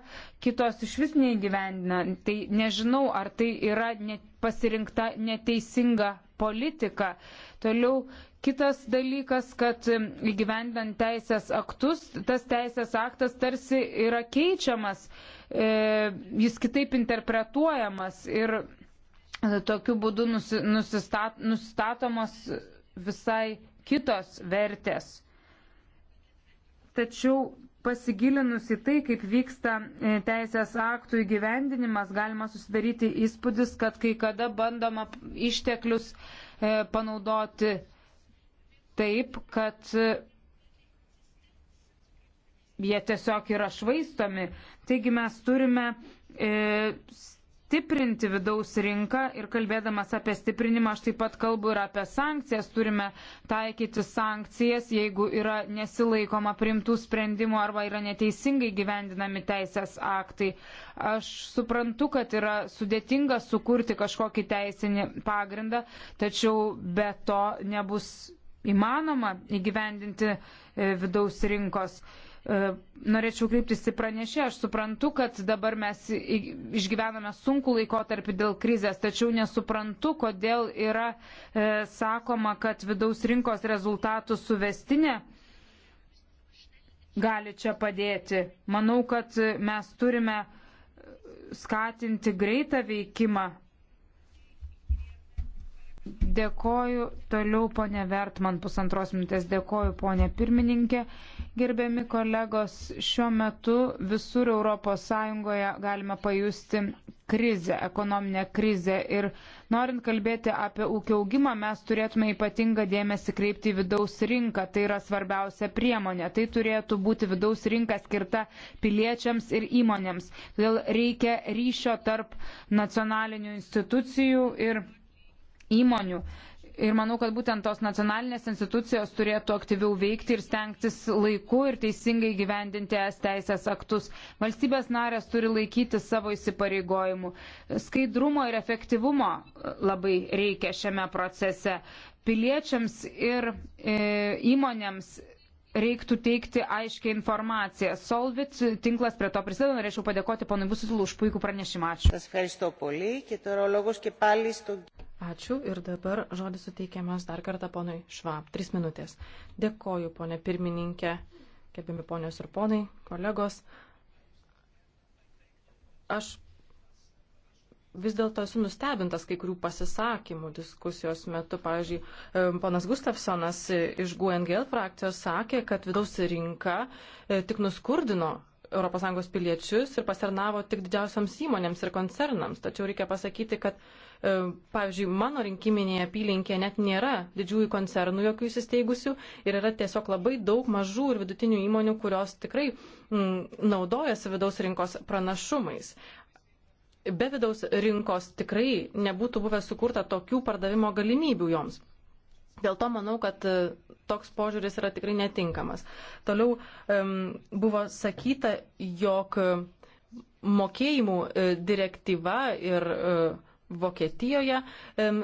kitos iš vis neįgyvendina. Tai nežinau, ar tai yra net pasirinkta neteisinga politika. Toliau Kitas dalykas, kad įgyvendant teisės aktus, tas teisės aktas tarsi yra keičiamas, e, jis kitaip interpretuojamas ir Tokiu būdu nusistat, nusistatomos visai kitos vertės. Tačiau pasigilinus į tai, kaip vyksta e, teisės aktų įgyvendinimas, galima susidaryti įspūdis, kad kai kada bandoma išteklius e, panaudoti taip, kad e, jie tiesiog yra švaistomi. Taigi mes turime stiprinti vidaus rinką ir kalbėdamas apie stiprinimą aš taip pat kalbu ir apie sankcijas. Turime taikyti sankcijas, jeigu yra nesilaikoma primtų sprendimų arba yra neteisingai gyvendinami teisės aktai. Aš suprantu, kad yra sudėtinga sukurti kažkokį teisinį pagrindą, tačiau be to nebus įmanoma įgyvendinti e, vidaus rinkos. E, norėčiau kreiptis į pranešę, aš suprantu, kad dabar mes išgyvename sunku laikotarpį dėl krizės, tačiau nesuprantu, kodėl yra e, sakoma, kad vidaus rinkos rezultatų suvestinė gali čia padėti. Manau, kad mes turime skatinti greitą veikimą Dėkoju toliau ponė Vertman pusantros minutės, dėkoju ponė pirmininkė. Gerbiami kolegos, šiuo metu visur ES galime pajusti krizę, ekonominę krizę ir norint kalbėti apie ūkio augimą, mes turėtume ypatingą dėmesį kreipti į vidaus rinką, tai yra svarbiausia priemonė, tai turėtų būti vidaus rinka skirta piliečiams ir įmonėms. Todėl reikia ryšio tarp nacionalinių institucijų ir įmonių. Ir manau, kad būtent tos nacionalinės institucijos turėtų aktyviau veikti ir stengtis laiku ir teisingai gyvendinti es teisės aktus. Valstybės narės turi laikyti savo įsipareigojimų. Skaidrumo ir efektyvumo labai reikia šiame procese. Piliečiams ir e, įmonėms reiktų teikti aiškiai informaciją. Solvit tinklas prie to prisideda. Norėčiau padėkoti ponui Busitul už puikų pranešimą. Ačiū. Ačiū ir dabar žodis suteikiamas dar kartą ponui Švab. Tris minutės. Dėkoju, ponė pirmininkė, gerbimi ponios ir ponai, kolegos. Aš vis dėlto esu nustebintas kai kurių pasisakymų diskusijos metu. Pavyzdžiui, ponas Gustafsonas iš GUNGL frakcijos sakė, kad vidaus rinka e, tik nuskurdino ES piliečius ir pasarnavo tik didžiausiams įmonėms ir koncernams. Tačiau reikia pasakyti, kad, e, pavyzdžiui, mano rinkiminėje apylinkėje net nėra didžiųjų koncernų jokių įsisteigusių ir yra tiesiog labai daug mažų ir vidutinių įmonių, kurios tikrai m, mm, naudojasi vidaus rinkos pranašumais. Be vidaus rinkos tikrai nebūtų buvę sukurta tokių pardavimo galimybių joms. Dėl to manau, kad e, toks požiūris yra tikrai netinkamas. Toliau buvo sakyta, jog e, mokėjimų e, direktyva ir Vokietijoje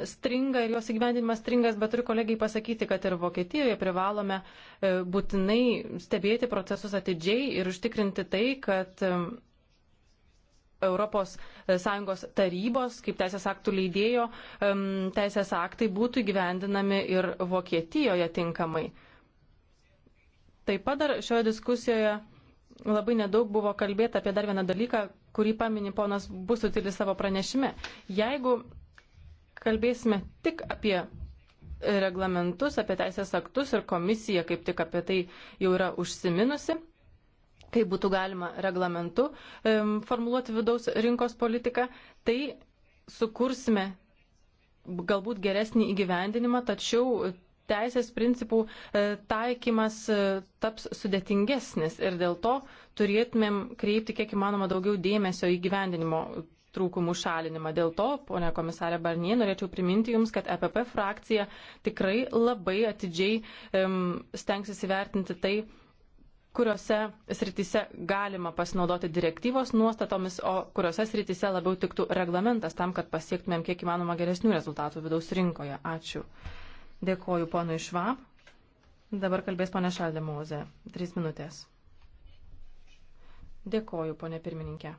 stringa ir jos įgyvendinimas stringas, bet turiu kolegiai pasakyti, kad ir Vokietijoje privalome būtinai stebėti procesus atidžiai ir užtikrinti tai, kad ES e, tarybos, kaip teisės aktų leidėjo, teisės aktai būtų gyvendinami ir Vokietijoje tinkamai. Taip pat dar šioje diskusijoje labai nedaug buvo kalbėta apie dar vieną dalyką, kurį paminė ponas Busutilis savo pranešime. Jeigu kalbėsime tik apie reglamentus, apie teisės aktus ir komisija kaip tik apie tai jau yra užsiminusi, kaip būtų galima reglamentu formuluoti vidaus rinkos politiką, tai sukursime galbūt geresnį įgyvendinimą, tačiau teisės principų e, taikymas e, taps sudėtingesnis ir dėl to turėtumėm kreipti kiek įmanoma daugiau dėmesio įgyvendinimo trūkumų šalinimą. Dėl to, ponia komisarė Barnie, norėčiau priminti Jums, kad EPP frakcija tikrai labai atidžiai um, stengsis įvertinti tai, kuriuose srityse galima pasinaudoti direktyvos nuostatomis, o kuriuose srityse labiau tiktų reglamentas tam, kad pasiektumėm kiek įmanoma geresnių rezultatų vidaus rinkoje. Ačiū. Dėkoju ponui Švab. Dabar kalbės ponė Šaldemozė. Tris minutės. Dėkoju, ponė pirmininkė.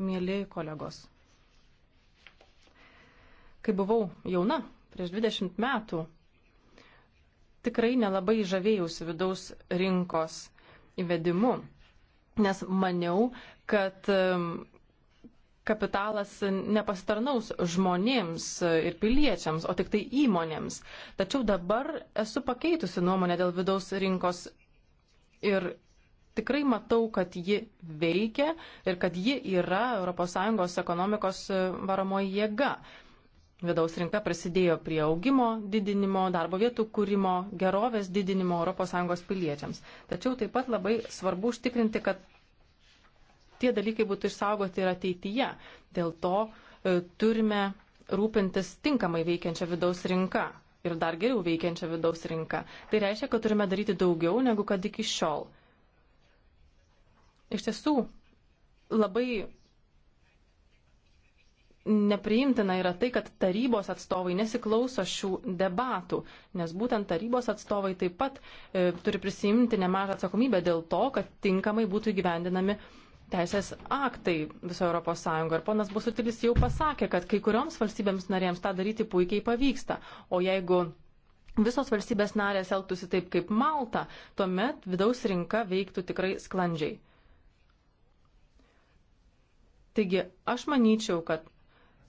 Mėly kolegos. Kai buvau jauna, prieš 20 metų, tikrai nelabai žavėjausi vidaus rinkos įvedimu, nes maniau, kad kapitalas nepasitarnaus žmonėms ir piliečiams, o tik tai įmonėms. Tačiau dabar esu pakeitusi nuomonę dėl vidaus rinkos ir tikrai matau, kad ji veikia ir kad ji yra ES ekonomikos varomoji jėga. Vidaus rinka prasidėjo prie augimo didinimo, darbo vietų kūrimo, gerovės didinimo ES piliečiams. Tačiau taip pat labai svarbu užtikrinti, kad tie dalykai būtų išsaugoti ir ateityje. Dėl to e, turime rūpintis tinkamai veikiančią vidaus rinką ir dar geriau veikiančią vidaus rinką. Tai reiškia, kad turime daryti daugiau negu kad iki šiol. Iš tiesų, labai Nepriimtina yra tai, kad tarybos atstovai nesiklauso šių debatų, nes būtent tarybos atstovai taip pat e, turi prisijimti nemažą atsakomybę dėl to, kad tinkamai būtų įgyvendinami teisės aktai viso Europos Sąjungoje. Ir ponas Busutilis jau pasakė, kad kai kurioms valstybėms narėms tą daryti puikiai pavyksta. O jeigu visos valstybės narės elgtųsi taip kaip Malta, tuomet vidaus rinka veiktų tikrai sklandžiai. Taigi aš manyčiau, kad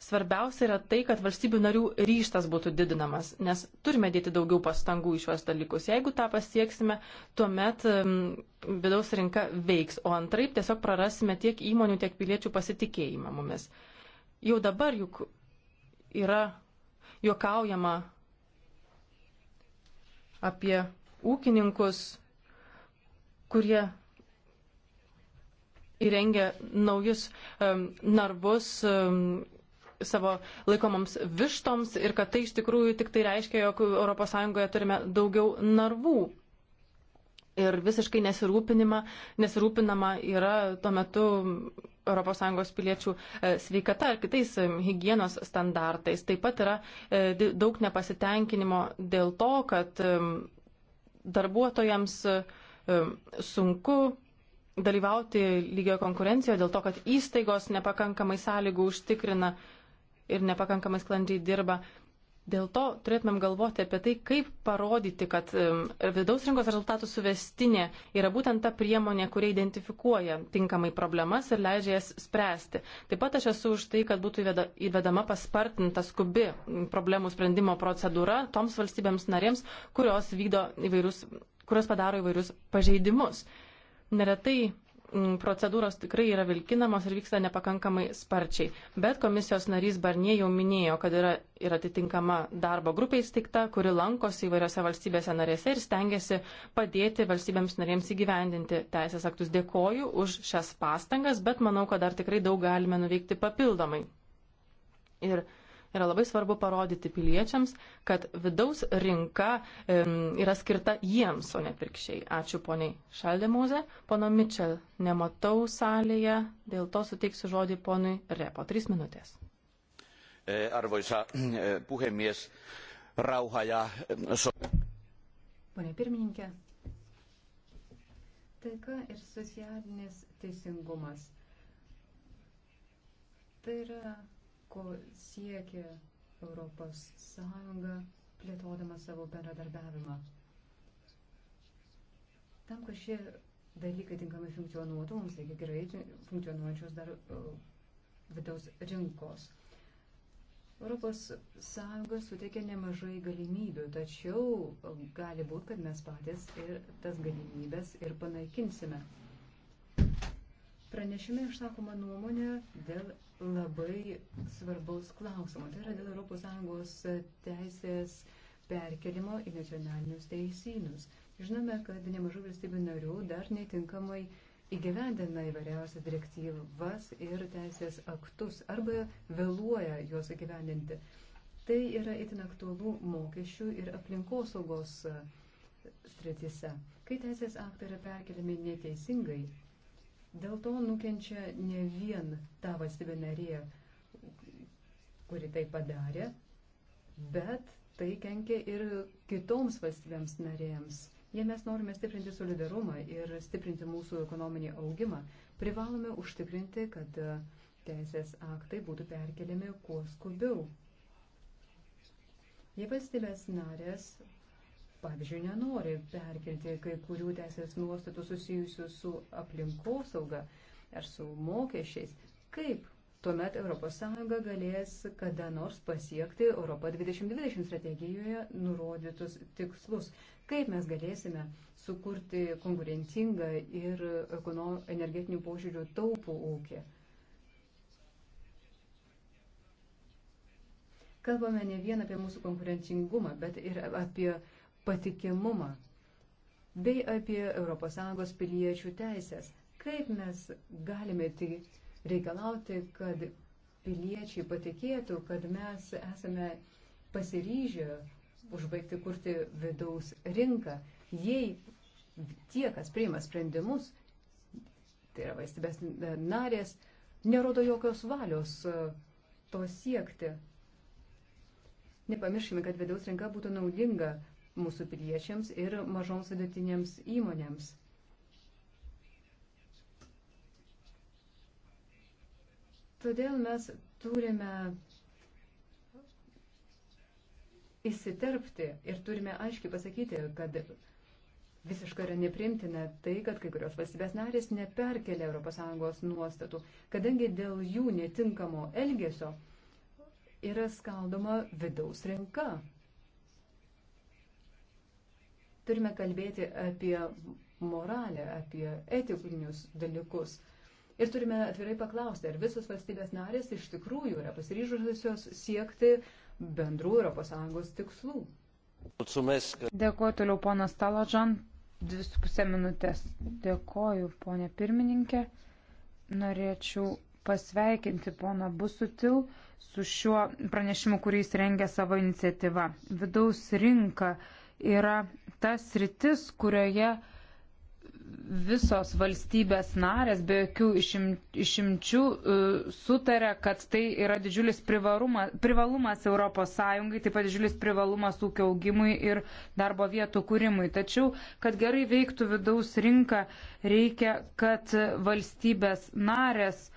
Svarbiausia yra tai, kad valstybių narių ryštas būtų didinamas, nes turime dėti daugiau pastangų į šios dalykus. Jeigu tą pasieksime, tuomet mm, vidaus rinka veiks, o antraip tiesiog prarasime tiek įmonių, tiek piliečių pasitikėjimą mumis. Jau dabar juk yra juokaujama apie ūkininkus, kurie įrengia naujus um, narvus um, savo laikomoms vištoms ir kad tai iš tikrųjų tik tai reiškia, jog ES turime daugiau narvų. Ir visiškai nesirūpinama yra tuo metu ES piliečių e, sveikata ar kitais e, hygienos standartais. Taip pat yra e, daug nepasitenkinimo dėl to, kad darbuotojams sunku dalyvauti lygio konkurencijoje dėl to, kad įstaigos nepakankamai sąlygų užtikrina ir nepakankamai sklandžiai dirba. Dėl to turėtumėm galvoti apie tai, kaip parodyti, kad vidaus rinkos rezultatų suvestinė yra būtent ta priemonė, kurie identifikuoja tinkamai problemas ir leidžia jas spręsti. Taip pat aš esu už tai, kad būtų įvedama paspartinta skubi problemų sprendimo procedūra toms valstybėms narėms, kurios, įvairius, kurios padaro įvairius pažeidimus. Neretai procedūros tikrai yra vilkinamos ir vyksta nepakankamai sparčiai. Bet komisijos narys Barnie jau minėjo, kad yra ir atitinkama darbo grupė įsteigta, kuri lankosi įvairiose valstybėse narėse ir stengiasi padėti valstybėms narėms įgyvendinti teisės aktus. Dėkoju už šias pastangas, bet manau, kad dar tikrai daug galime nuveikti papildomai. Ir Yra labai svarbu parodyti piliečiams, kad vidaus rinka um, yra skirta jiems, o ne pirkščiai. Ačiū poniai Šaldemūzė. Pono Mitchell nematau salėje, dėl to suteiksiu žodį ponui Repo. Tris minutės. E, arvoisa e, puhemies, rauha ja... E, Pone pirmininkė, taika ir socialinis teisingumas. Tai yra ko siekia Europos Sąjunga, plėtodama savo bendradarbiavimą. Tam, kad šie dalykai tinkamai funkcionuotų, mums reikia gerai funkcionuojančios dar uh, vidaus rinkos. Europos Sąjunga suteikia nemažai galimybių, tačiau gali būti, kad mes patys ir tas galimybės ir panaikinsime pranešime išsakoma nuomonė dėl labai svarbaus klausimo. Tai yra dėl ES teisės perkelimo į nacionalinius teisynus. Žinome, kad nemažai valstybių narių dar netinkamai įgyvendina įvairiausias direktyvas ir teisės aktus arba vėluoja juos įgyvendinti. Tai yra itin aktualu mokesčių ir aplinkosaugos sritise. Kai teisės aktai yra perkeliami neteisingai, Dėl to nukenčia ne vien ta valstybė narė, kuri tai padarė, bet tai kenkia ir kitoms valstybėms narėms. Jei mes norime stiprinti solidarumą ir stiprinti mūsų ekonominį augimą, privalome užtikrinti, kad e, teisės aktai būtų perkeliami kuo skubiau. Jei valstybės narės pavyzdžiui, nenori perkelti kai kurių teisės nuostatų susijusių su aplinkosauga ar su mokesčiais, kaip tuomet ES galės kada nors pasiekti Europą 2020 strategijoje nurodytus tikslus, kaip mes galėsime sukurti konkurencingą ir energetinių požiūrių taupų ūkį. Kalbame ne vien apie mūsų konkurencingumą, bet ir apie uh, patikimumą bei apie ES piliečių teisės. Kaip mes galime tik reikalauti, kad piliečiai patikėtų, kad mes esame pasiryžę užbaigti kurti vidaus rinką, jei tie, kas priima sprendimus, tai yra valstybės narės, nerodo jokios valios e, to siekti. Nepamirškime, kad vidaus rinka būtų naudinga mūsų piliečiams ir mažoms vidutinėms įmonėms. Todėl mes turime įsiterpti ir turime aiškiai pasakyti, kad visiškai yra neprimtina tai, kad kai kurios valstybės narės neperkelia ES nuostatų, kadangi dėl jų netinkamo elgesio yra skaldoma vidaus rinka. Turime kalbėti apie moralę, apie etikinius dalykus. Ir turime atvirai paklausti, ar visos valstybės narės iš tikrųjų yra pasiryžusios siekti bendrų ES tikslų. Dėkuoju toliau, ponas Talodžan, dvi su pusė minutės. Dėkuoju, ponė pirmininkė. Norėčiau pasveikinti poną Busutil su šiuo pranešimu, kurį jis rengia savo iniciatyvą. Vidaus rinka yra tas rytis, kurioje visos valstybės narės be jokių išim, išimčių e, sutarė, kad tai yra didžiulis privalumas ES, taip pat didžiulis privalumas ūkio augimui ir darbo vietų kūrimui. Tačiau, kad gerai veiktų vidaus rinka, reikia, kad valstybės narės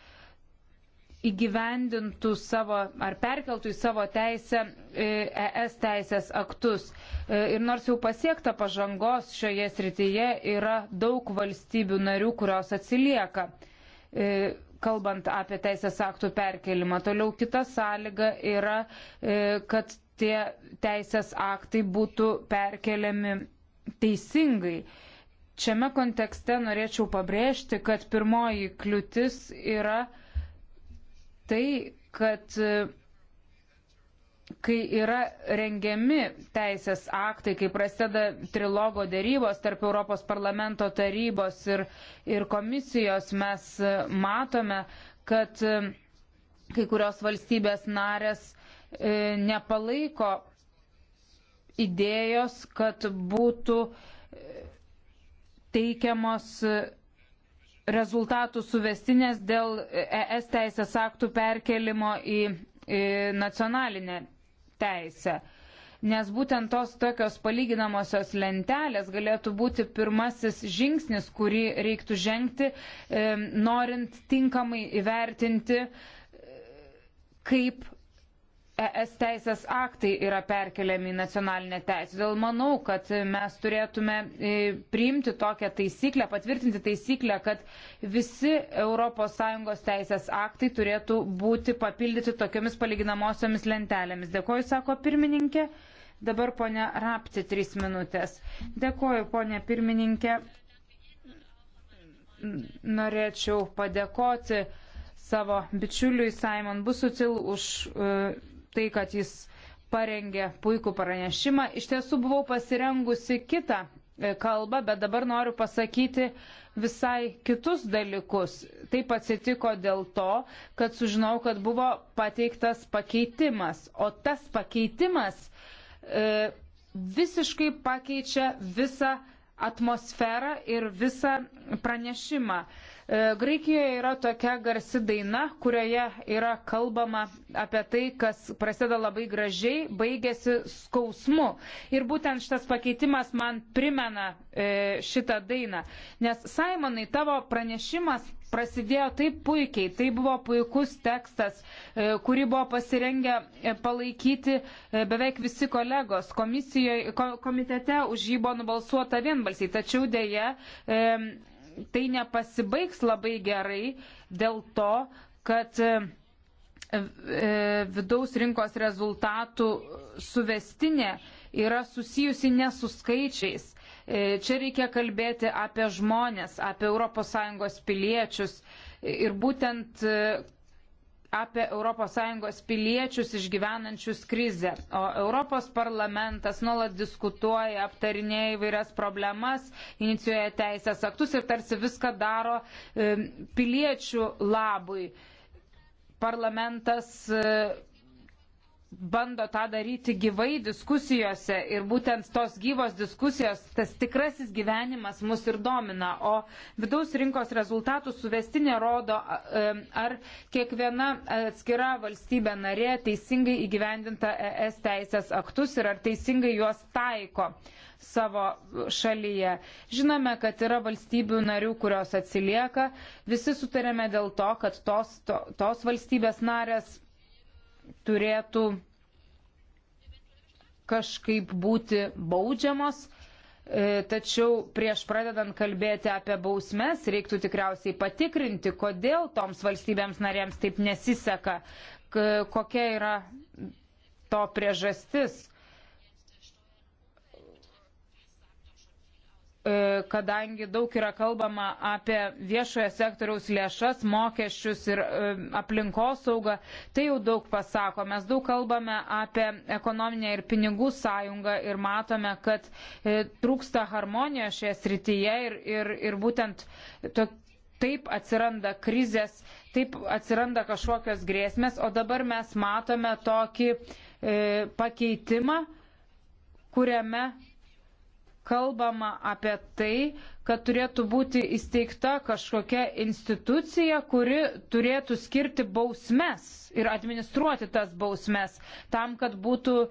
įgyvendintų savo ar perkeltų į savo teisę ES e teisės aktus. E, ir nors jau pasiekta pažangos šioje srityje, yra daug valstybių narių, kurios atsilieka, e, kalbant apie teisės aktų perkelimą. Toliau kita sąlyga yra, kad tie teisės aktai būtų perkeliami teisingai. Šiame kontekste norėčiau pabrėžti, kad pirmoji kliūtis yra tai, kad e, kai yra rengiami teisės aktai, kai prasideda trilogo dėrybos tarp Europos parlamento tarybos ir, ir komisijos, mes e, matome, kad e, kai kurios valstybės narės nepalaiko idėjos, kad būtų teikiamos rezultatų suvestinės dėl ES teisės aktų perkelimo į, į nacionalinę teisę. Nes būtent tos tokios palyginamosios lentelės galėtų būti pirmasis žingsnis, kurį reiktų žengti, e, norint tinkamai įvertinti, e, kaip ES teisės aktai yra perkeliami į nacionalinę teisę. Dėl manau, kad mes turėtume e, priimti tokią taisyklę, patvirtinti taisyklę, kad visi ES teisės aktai turėtų būti papildyti tokiamis palyginamosiomis lentelėmis. Dėkoju, sako pirmininkė. Dabar ponia Rapti, trys minutės. Dėkoju, ponia pirmininkė. Norėčiau padėkoti savo bičiuliui Simon Busutil už uh, tai, kad jis parengė puikų pranešimą. Iš tiesų buvau pasirengusi kitą e, kalbą, bet dabar noriu pasakyti visai kitus dalykus. Taip atsitiko dėl to, kad sužinau, kad buvo pateiktas pakeitimas, o tas pakeitimas e, visiškai pakeičia visą atmosferą ir visą pranešimą. E, E, Graikijoje yra tokia garsi daina, kurioje yra kalbama apie tai, kas prasideda labai gražiai, baigėsi skausmu. Ir būtent šitas pakeitimas man primena e, šitą dainą. Nes, Simonai, tavo pranešimas prasidėjo taip puikiai, tai buvo puikus tekstas, e, kurį buvo pasirengę palaikyti beveik visi kolegos. Komisijoje, komitete už jį buvo nubalsuota vienbalsiai, tačiau dėja. E, tai nepasibaigs labai gerai dėl to, kad e, e, vidaus rinkos rezultatų suvestinė yra susijusi ne su skaičiais. E, čia reikia kalbėti apie žmonės, apie ES piliečius. Ir būtent apie ES piliečius išgyvenančius krizę. O Europos parlamentas nuolat diskutuoja, aptarinėja įvairias problemas, inicijuoja teisės aktus ir tarsi viską daro e, piliečių labui. Parlamentas e, bando tą daryti gyvai diskusijose ir būtent tos gyvos diskusijos, tas tikrasis gyvenimas mus ir domina, o vidaus rinkos rezultatų suvestinė rodo, ar kiekviena atskira valstybė narė teisingai įgyvendinta ES teisės aktus ir ar teisingai juos taiko savo šalyje. Žinome, kad yra valstybių narių, kurios atsilieka, visi sutarėme dėl to, kad tos, to, tos valstybės narės turėtų kažkaip būti baudžiamos. E, tačiau prieš pradedant kalbėti apie bausmes, reiktų tikriausiai patikrinti, kodėl toms valstybėms narėms taip nesiseka, kokia yra to priežastis. E, kadangi daug yra kalbama apie viešojo sektoriaus lėšas, mokesčius ir e, aplinkosaugą, tai jau daug pasako. Mes daug kalbame apie ekonominę ir pinigų sąjungą ir matome, kad e, trūksta harmonijos šioje srityje ir, ir, ir būtent to, taip atsiranda krizės, taip atsiranda kažkokios grėsmės, o dabar mes matome tokį e, pakeitimą, kuriame kalbama apie tai, kad turėtų būti įsteigta kažkokia institucija, kuri turėtų skirti bausmes ir administruoti tas bausmes tam, kad būtų e,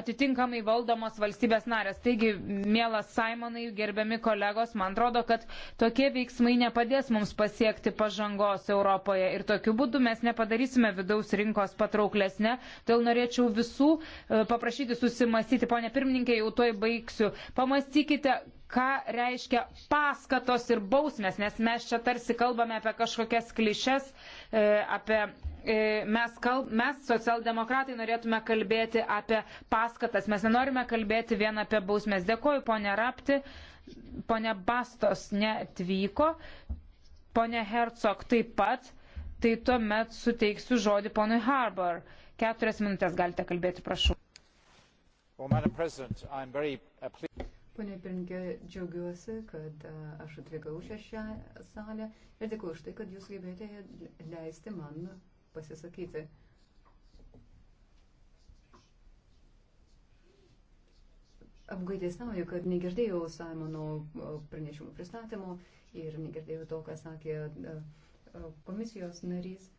atitinkamai valdomos valstybės narės. Taigi, mielas Simonai, gerbiami kolegos, man atrodo, kad tokie veiksmai nepadės mums pasiekti pažangos Europoje ir tokiu būdu mes nepadarysime vidaus rinkos patrauklesnė. Todėl norėčiau visų e, paprašyti susimastyti, ponė pirmininkė, jau toj baigsiu. Pamastykite, ką reiškia paskatos ir bausmės, nes mes čia tarsi kalbame apie kažkokias klišes, e, apie e, mes, kalb, mes socialdemokratai norėtume kalbėti apie paskatas, mes nenorime kalbėti vien apie bausmės. Dėkoju, ponė Rapti, ponė Bastos netvyko, ponė Hercog taip pat, tai tuomet suteiksiu žodį ponui Harbour. Keturias minutės galite kalbėti, prašau. Well, Pone Pirinkė, džiaugiuosi, kad aš atvykau šią, šią salę ir dėkuoju už tai, kad jūs gebėjote leisti man pasisakyti. Apgaidėsnauju, kad negirdėjau Simono pranešimų pristatymų ir negirdėjau to, ką sakė komisijos narys.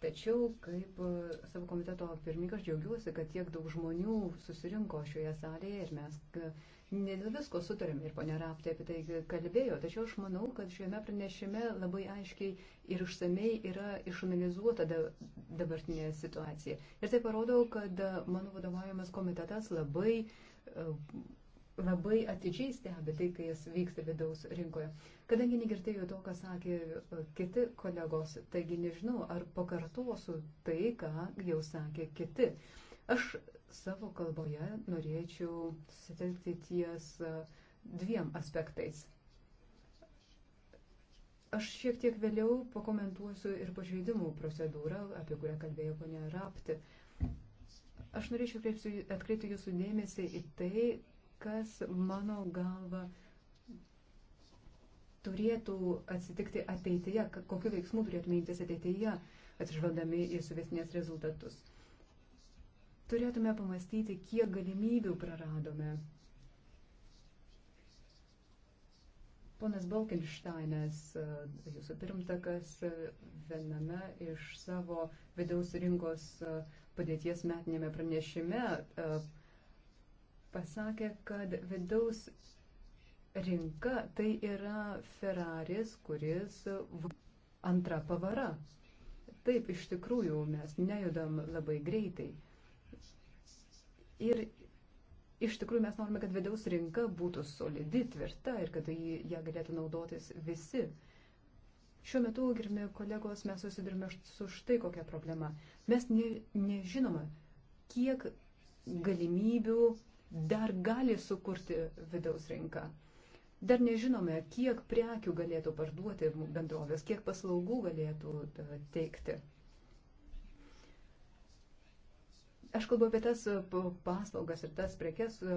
Tačiau, kaip e, savo komiteto pirmininkas, džiaugiuosi, kad tiek daug žmonių susirinko šioje salėje ir mes e, ne dėl visko sutarėm ir ponia Raptė apie tai kalbėjo. Tačiau aš manau, kad šiame pranešime labai aiškiai ir išsamei yra išanalizuota dabartinė situacija. Ir tai parodo, kad e, mano vadovaujamas komitetas labai, labai atidžiai stebi tai, kas vyksta vidaus rinkoje. Kadangi negirdėjau to, ką sakė e, kiti kolegos, taigi nežinau, ar pakartosiu tai, ką jau sakė kiti. Aš savo kalboje norėčiau susitelkti ties e, dviem aspektais. Aš šiek tiek vėliau pakomentuosiu ir pažeidimų procedūrą, apie kurią kalbėjo ponia Rapti. Aš norėčiau atkreipti jūsų dėmesį į tai, kas mano galva uh, turėtų atsitikti ateityje, kokiu veiksmu turėtume imtis ateityje, atsižvelgdami į suvesnės rezultatus. Turėtume pamastyti, kiek galimybių praradome. Ponas Balkenšteinas, e, jūsų pirmtakas, e, viename iš savo vidaus rinkos e, padėties metinėme pranešime pasakė, kad vidaus rinka tai yra Ferraris, kuris antra pavara. Taip, iš tikrųjų, mes nejudam labai greitai. Ir iš tikrųjų mes norime, kad vidaus rinka būtų solidi, tvirta ir kad jį, ją galėtų naudotis visi. Šiuo metu, girmi kolegos, mes susidurime su štai kokia problema. Mes ne, nežinome, kiek galimybių dar gali sukurti vidaus rinka. Dar nežinome, kiek prekių galėtų parduoti bendrovės, kiek paslaugų galėtų e, teikti. Aš kalbu apie tas e, paslaugas ir tas prekes, e,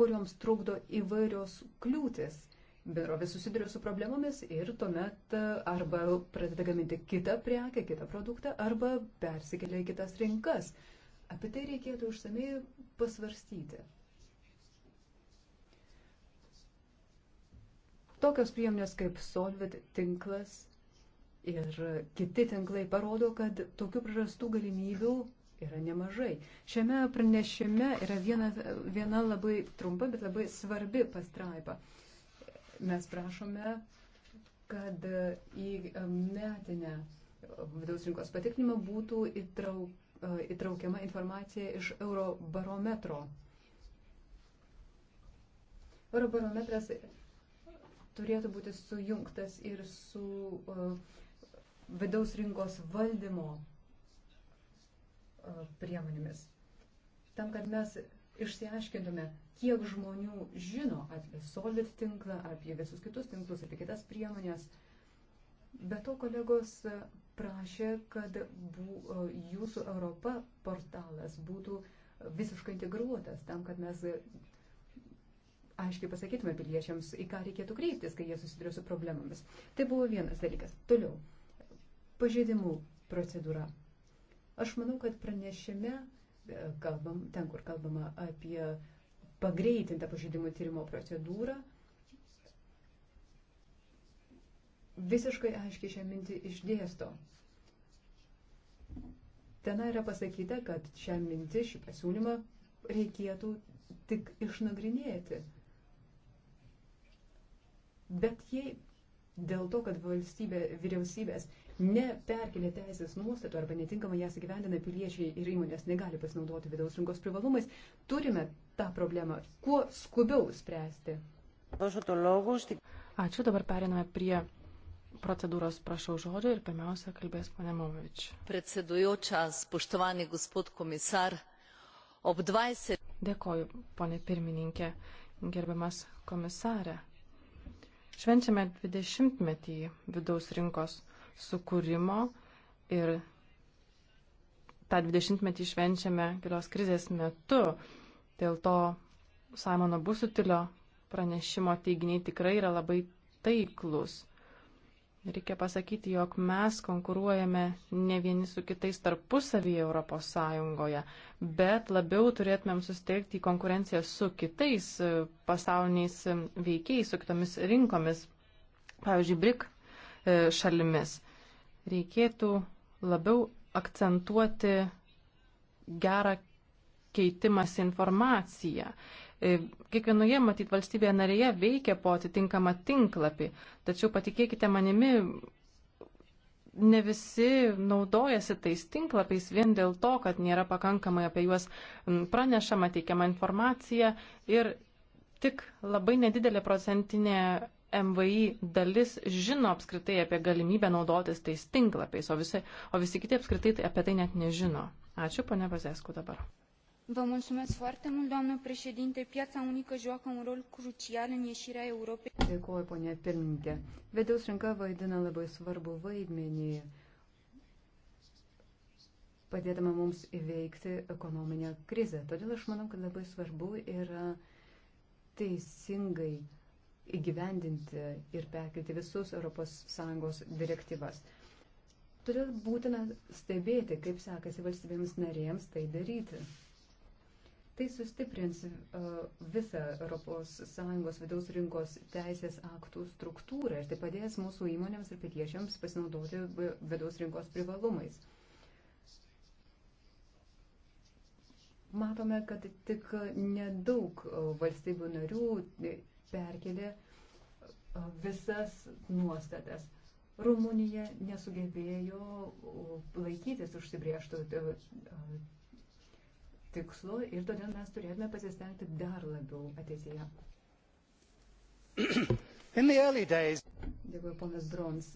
kurioms trukdo įvairios kliūtis. Bendrovė susiduria su problemomis ir tuomet arba pradeda gaminti kitą prekę, kitą produktą, arba persikelia į kitas rinkas. Apie tai reikėtų užsamei pasvarstyti. Tokios priemonės kaip Solvit tinklas ir kiti tinklai parodo, kad tokių prarastų galimybių yra nemažai. Šiame pranešime yra viena, viena labai trumpa, bet labai svarbi pastraipa. Mes prašome, kad į metinę vidaus rinkos patikrinimą būtų įtrauk, įtraukiama informacija iš Eurobarometro. Eurobarometras turėtų būti sujungtas ir su uh, vidaus rinkos valdymo uh, priemonėmis. Tam, kad mes išsiaiškintume, kiek žmonių žino apie Solid tinklą, apie visus kitus tinklus, apie kitas priemonės. Be to kolegos e, prašė, kad bū, jūsų Europa portalas būtų visiškai integruotas tam, kad mes aiškiai pasakytume piliečiams, į ką reikėtų kreiptis, kai jie susiduria su problemomis. Tai buvo vienas dalykas. Toliau. Pažeidimų procedūra. Aš manau, kad pranešime, e, kalbam, ten, kur kalbama apie pagreitintą pažeidimų tyrimo procedūrą, visiškai aiškiai šią mintį išdėsto. Ten yra pasakyta, kad šią mintį, šį pasiūlymą reikėtų tik išnagrinėti. Bet jei dėl to, kad valstybė, vyriausybės neperkelė teisės nuostatų arba netinkamai jas įgyvendina piliečiai ir įmonės negali pasinaudoti vidaus rinkos privalumais, turime tą problemą kuo skubiau spręsti. Ačiū, dabar periname prie procedūros prašau žodžio ir pirmiausia kalbės pane Movič. Predsedujoča, spoštovani gospod komisar, ob 20. Dėkoju, ponė pirmininkė, gerbiamas komisarė. Švenčiame 20-metį vidaus rinkos sukūrimo ir tą 20-metį švenčiame gilios krizės metu. Dėl to Simono Busutilio pranešimo teiginiai tikrai yra labai taiklus. Reikia pasakyti, jog mes konkuruojame ne vieni su kitais tarpusavyje Europos Sąjungoje, bet labiau turėtumėm susitelkti į konkurenciją su kitais e, pasauliniais e, veikiais, su kitomis rinkomis, pavyzdžiui, BRIC e, šalimis. Reikėtų labiau akcentuoti gerą keitimas informacija E, kiekvienoje, matyt, valstybėje narėje veikia po atitinkamą tinklapį, tačiau patikėkite manimi, ne visi naudojasi tais tinklapiais vien dėl to, kad nėra pakankamai apie juos pranešama, teikiama informacija ir tik labai nedidelė procentinė MVI dalis žino apskritai apie galimybę naudotis tais tinklapiais, o visi, o visi kiti apskritai tai apie tai net nežino. Ačiū, ponia Bazesku, dabar. Piața unică joacă un rol crucial în ieșirea Europei. Dėkuoju, ponė pirmininkė. Vidaus rinka vaidina labai svarbu vaidmenį, padėdama mums įveikti ekonominę krizę. Todėl aš manau, kad labai svarbu yra teisingai įgyvendinti ir perkelti visus ES direktyvas. Todėl būtina stebėti, kaip sekasi valstybėms narėms tai daryti. Tai sustiprins e, visą ES vidaus rinkos teisės aktų struktūrą ir tai padės mūsų įmonėms ir piliečiams pasinaudoti vidaus rinkos privalumais. Matome, kad tik nedaug e, valstybių narių e, perkelė visas nuostatas. Rumunija nesugebėjo laikytis užsibrieštų tikslo ir todėl mes turėtume pasistengti dar labiau ateityje. Dėkuoju, ponas Drons.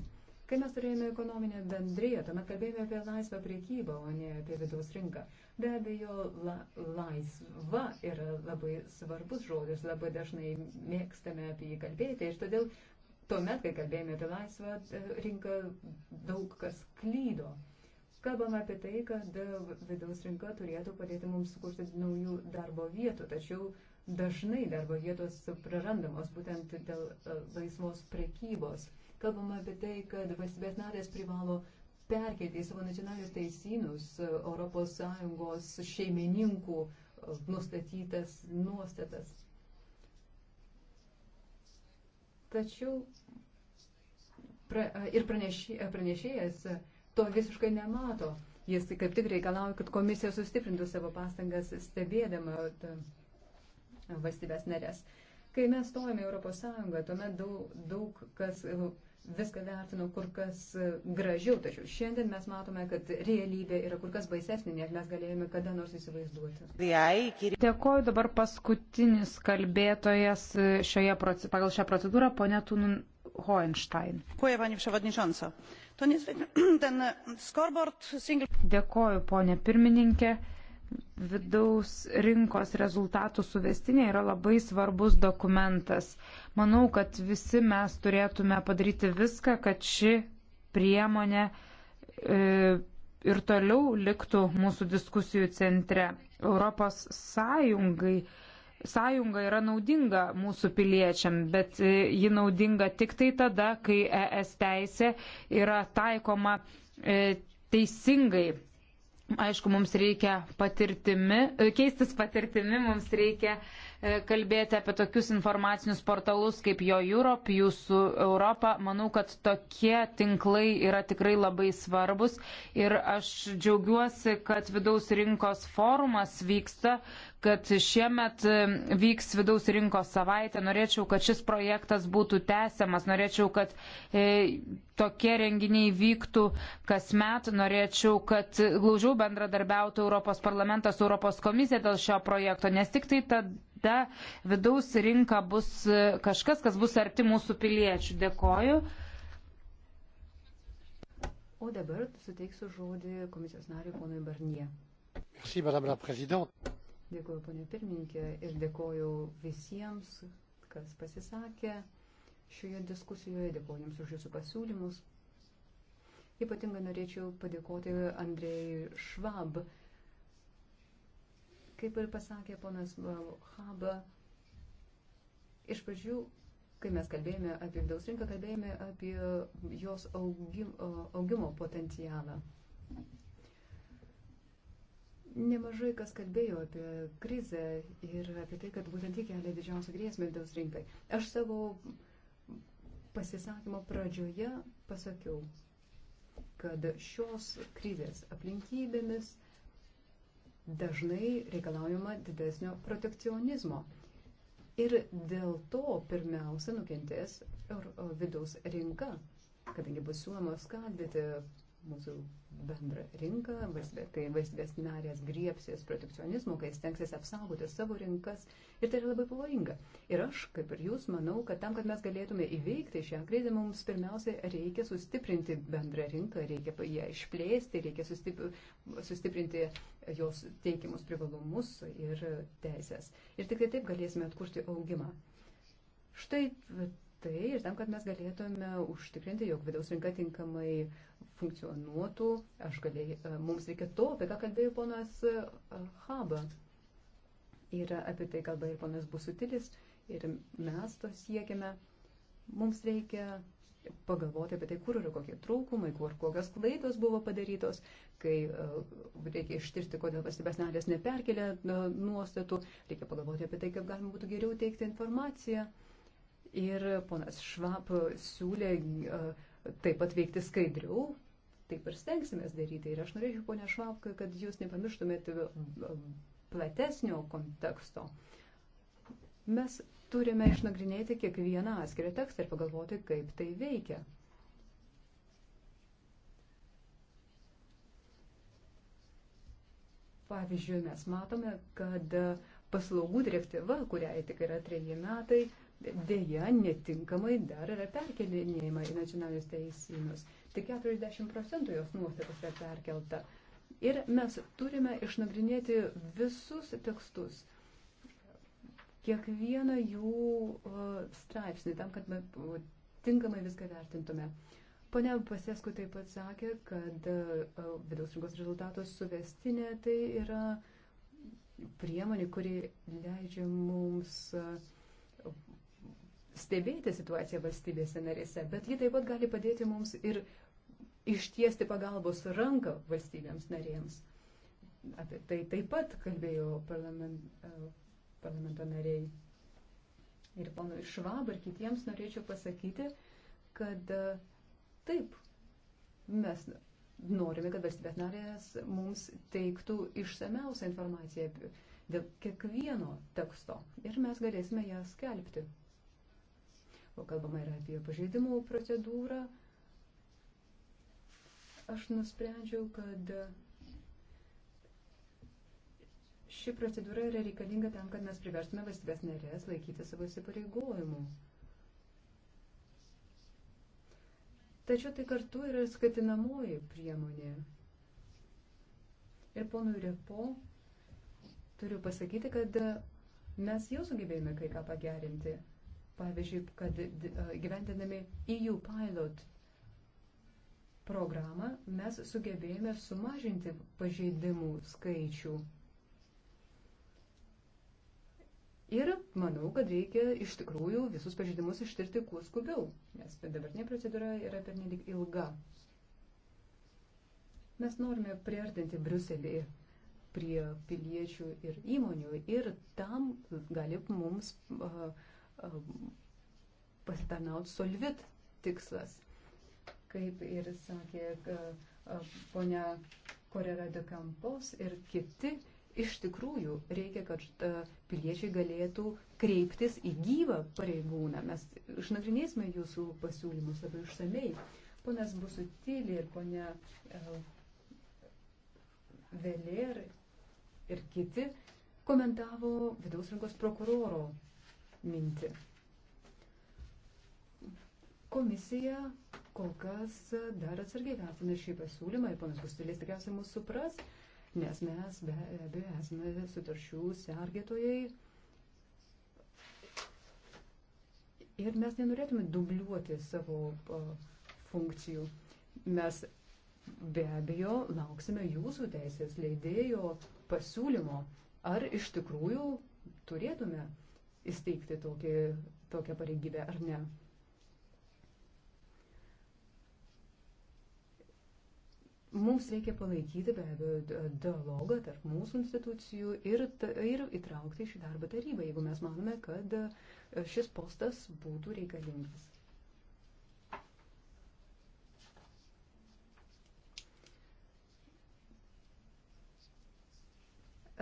Kai mes turėjome ekonominę bendryją, tuomet kalbėjome apie laisvą priekybą, o ne apie vidaus rinką. Be abejo, la, laisva yra labai svarbus žodis, labai dažnai mėgstame apie jį kalbėti ir todėl tuomet, kai kalbėjome apie laisvą e, rinką, daug kas klydo. Kalbame apie tai, kad vidaus rinka turėtų padėti mums sukurti naujų darbo vietų, tačiau dažnai darbo vietos prarandamos būtent dėl e, laisvos prekybos. Kalbame apie tai, kad valstybės narės privalo perkelti į savo nacionalinius teisynus ES šeimininkų e, nustatytas nuostatas. Tačiau pra, e, ir pranešėjas. pranešėjas to visiškai nemato. Jis kaip tik reikalauja, kad komisija sustiprintų savo pastangas stebėdama valstybės narės. Kai mes stojame Europos Sąjungą, tuomet daug, daug kas e, viską vertino kur kas e, gražiau, tačiau šiandien mes matome, kad realybė yra kur kas baisesnė, nes mes galėjome kada nors įsivaizduoti. Dėkoju dabar paskutinis kalbėtojas e, šioje, pagal šią procedūrą, ponė Tunun Hohenstein. Dėkoju, panie Przewodnicząca. E, Dėkoju, ponė pirmininkė. Vidaus rinkos rezultatų suvestinė yra labai svarbus dokumentas. Manau, kad visi mes turėtume padaryti viską, kad ši priemonė e, ir toliau liktų mūsų diskusijų centre. Europos Sąjungai e, sąjunga yra naudinga mūsų piliečiam, bet e, ji naudinga tik tai tada, kai ES teisė yra taikoma e, teisingai. Aišku, mums reikia patirtimi, e, keistis patirtimi, mums reikia E, kalbėti apie tokius informacinius portalus kaip Jo Europe, Jūsų Europa. Manau, kad tokie tinklai yra tikrai labai svarbus ir aš džiaugiuosi, kad vidaus rinkos forumas vyksta, kad šiemet e, vyks vidaus rinkos savaitė. Norėčiau, kad šis projektas būtų tęsiamas, norėčiau, kad e, tokie renginiai vyktų kasmet, norėčiau, kad glaužiau bendradarbiautų Europos parlamentas, Europos komisija dėl šio projekto, nes tik tai tada kada vidaus rinka bus kažkas, kas bus arti mūsų piliečių. Dėkoju. O dabar suteiksiu žodį komisijos nariui ponui Barnie. Merci, madame la présidente. Dėkoju, ponė pirmininkė, ir dėkoju visiems, kas pasisakė šioje diskusijoje. Dėkoju jums už jūsų pasiūlymus. Ypatingai norėčiau padėkoti Andrėjui Švab Kaip ir pasakė ponas Haba, iš pradžių, kai mes kalbėjome apie vidaus rinką, kalbėjome apie jos augim, augimo potencialą. Nemažai kas kalbėjo apie krizę ir apie tai, kad būtent ji kelia didžiausią grėsmę vidaus rinkai. Aš savo pasisakymo pradžioje pasakiau, kad šios krizės aplinkybėmis dažnai reikalaujama didesnio protekcionizmo. Ir dėl to pirmiausia nukentės vidaus rinka, kadangi bus siūloma skaldyti mūsų bendrą rinką, valstybė, kai valstybės narės griepsis protekcionizmų, kai stengsis apsaugoti savo rinkas ir tai yra labai pavojinga. Ir aš, kaip ir jūs, manau, kad tam, kad mes galėtume įveikti šią krizę, mums pirmiausia reikia sustiprinti bendrą rinką, reikia ją išplėsti, reikia sustiprinti jos teikiamus privalumus ir teisės. Ir tik tai taip galėsime atkurti augimą. Štai tai ir tam, kad mes galėtume užtikrinti, jog vidaus rinka tinkamai funkcionuotų, aš galėjau, e, mums reikia to, apie ką kalbėjo ponas e, Haba. Ir apie tai kalba ir ponas Busutilis, ir mes to siekiame. Mums reikia pagalvoti apie tai, kur yra kokie trūkumai, kur kokios klaidos buvo padarytos, kai e, reikia ištirti, kodėl valstybės narės neperkelia nuostatų, reikia pagalvoti apie tai, kaip galima būtų geriau teikti informaciją. Ir ponas Švap siūlė e, taip pat veikti skaidriau, taip ir stengsimės daryti. Ir aš norėčiau, ponia Švap, kad jūs nepamirštumėte e, e, platesnio konteksto. Mes turime išnagrinėti kiekvieną atskirą tekstą ir pagalvoti, kaip tai veikia. Pavyzdžiui, mes matome, kad paslaugų direktyva, kuriai tik yra treji metai, uh, dėja netinkamai dar yra perkelinėjama į nacionalinius teisynus. Tik 40 procentų jos nuostatos yra perkelta. Ir mes turime išnagrinėti visus tekstus, kiekvieną jų straipsnį, tam, kad mes tinkamai viską vertintume. Pone Pasėsku taip pat sakė, kad vidaus rinkos rezultatų suvestinė tai yra priemonė, kuri leidžia mums uh, stebėti situaciją valstybėse narėse, bet ji taip pat gali padėti mums ir ištiesti pagalbos ranką valstybėms narėms. Apie tai taip pat kalbėjo parlament, e, parlamento nariai. Ir ponui Švab ir kitiems norėčiau pasakyti, kad e, taip, mes norime, kad valstybės narės mums teiktų išsameusią informaciją dėl kiekvieno teksto ir mes galėsime ją skelbti o kalbama yra apie pažeidimų procedūrą, aš nusprendžiau, kad ši procedūra yra reikalinga tam, kad mes priverstume valstybės narės laikyti savo įsipareigojimų. Tačiau tai kartu yra skatinamoji priemonė. Ir ponui Repo turiu pasakyti, kad mes jau sugebėjome kai ką pagerinti pavyzdžiui, kad gyvendinami EU pilot programą mes sugebėjome sumažinti pažeidimų skaičių. Ir manau, kad reikia iš tikrųjų visus pažeidimus ištirti kuo skubiau, nes dabartinė procedūra yra pernelyg ilga. Mes norime priartinti Bruselį prie piliečių ir įmonių ir tam gali mums uh, pasitarnaut solvit tikslas. Kaip ir sakė e, e, ponia Korera de Campos ir kiti, iš tikrųjų reikia, kad e, piliečiai galėtų kreiptis į gyvą pareigūną. Mes išnagrinėsime jūsų pasiūlymus labai išsamei. Ponas Busutylė ir ponia Velėr ir kiti komentavo vidaus rinkos prokuroro mintį. Komisija kol kas dar atsargiai vertina šį pasiūlymą ir ponas Gustilės tikriausiai mūsų supras, nes mes be abejo esame sutaršių sergėtojai. Ir mes nenorėtume dubliuoti savo funkcijų. Mes be abejo lauksime jūsų teisės leidėjo pasiūlymo, ar iš tikrųjų turėtume įsteigti tokį, tokią pareigybę ar ne. Mums reikia palaikyti be abejo dialogą tarp mūsų institucijų ir, ir įtraukti šį darbą tarybą, jeigu mes manome, kad šis postas būtų reikalingas.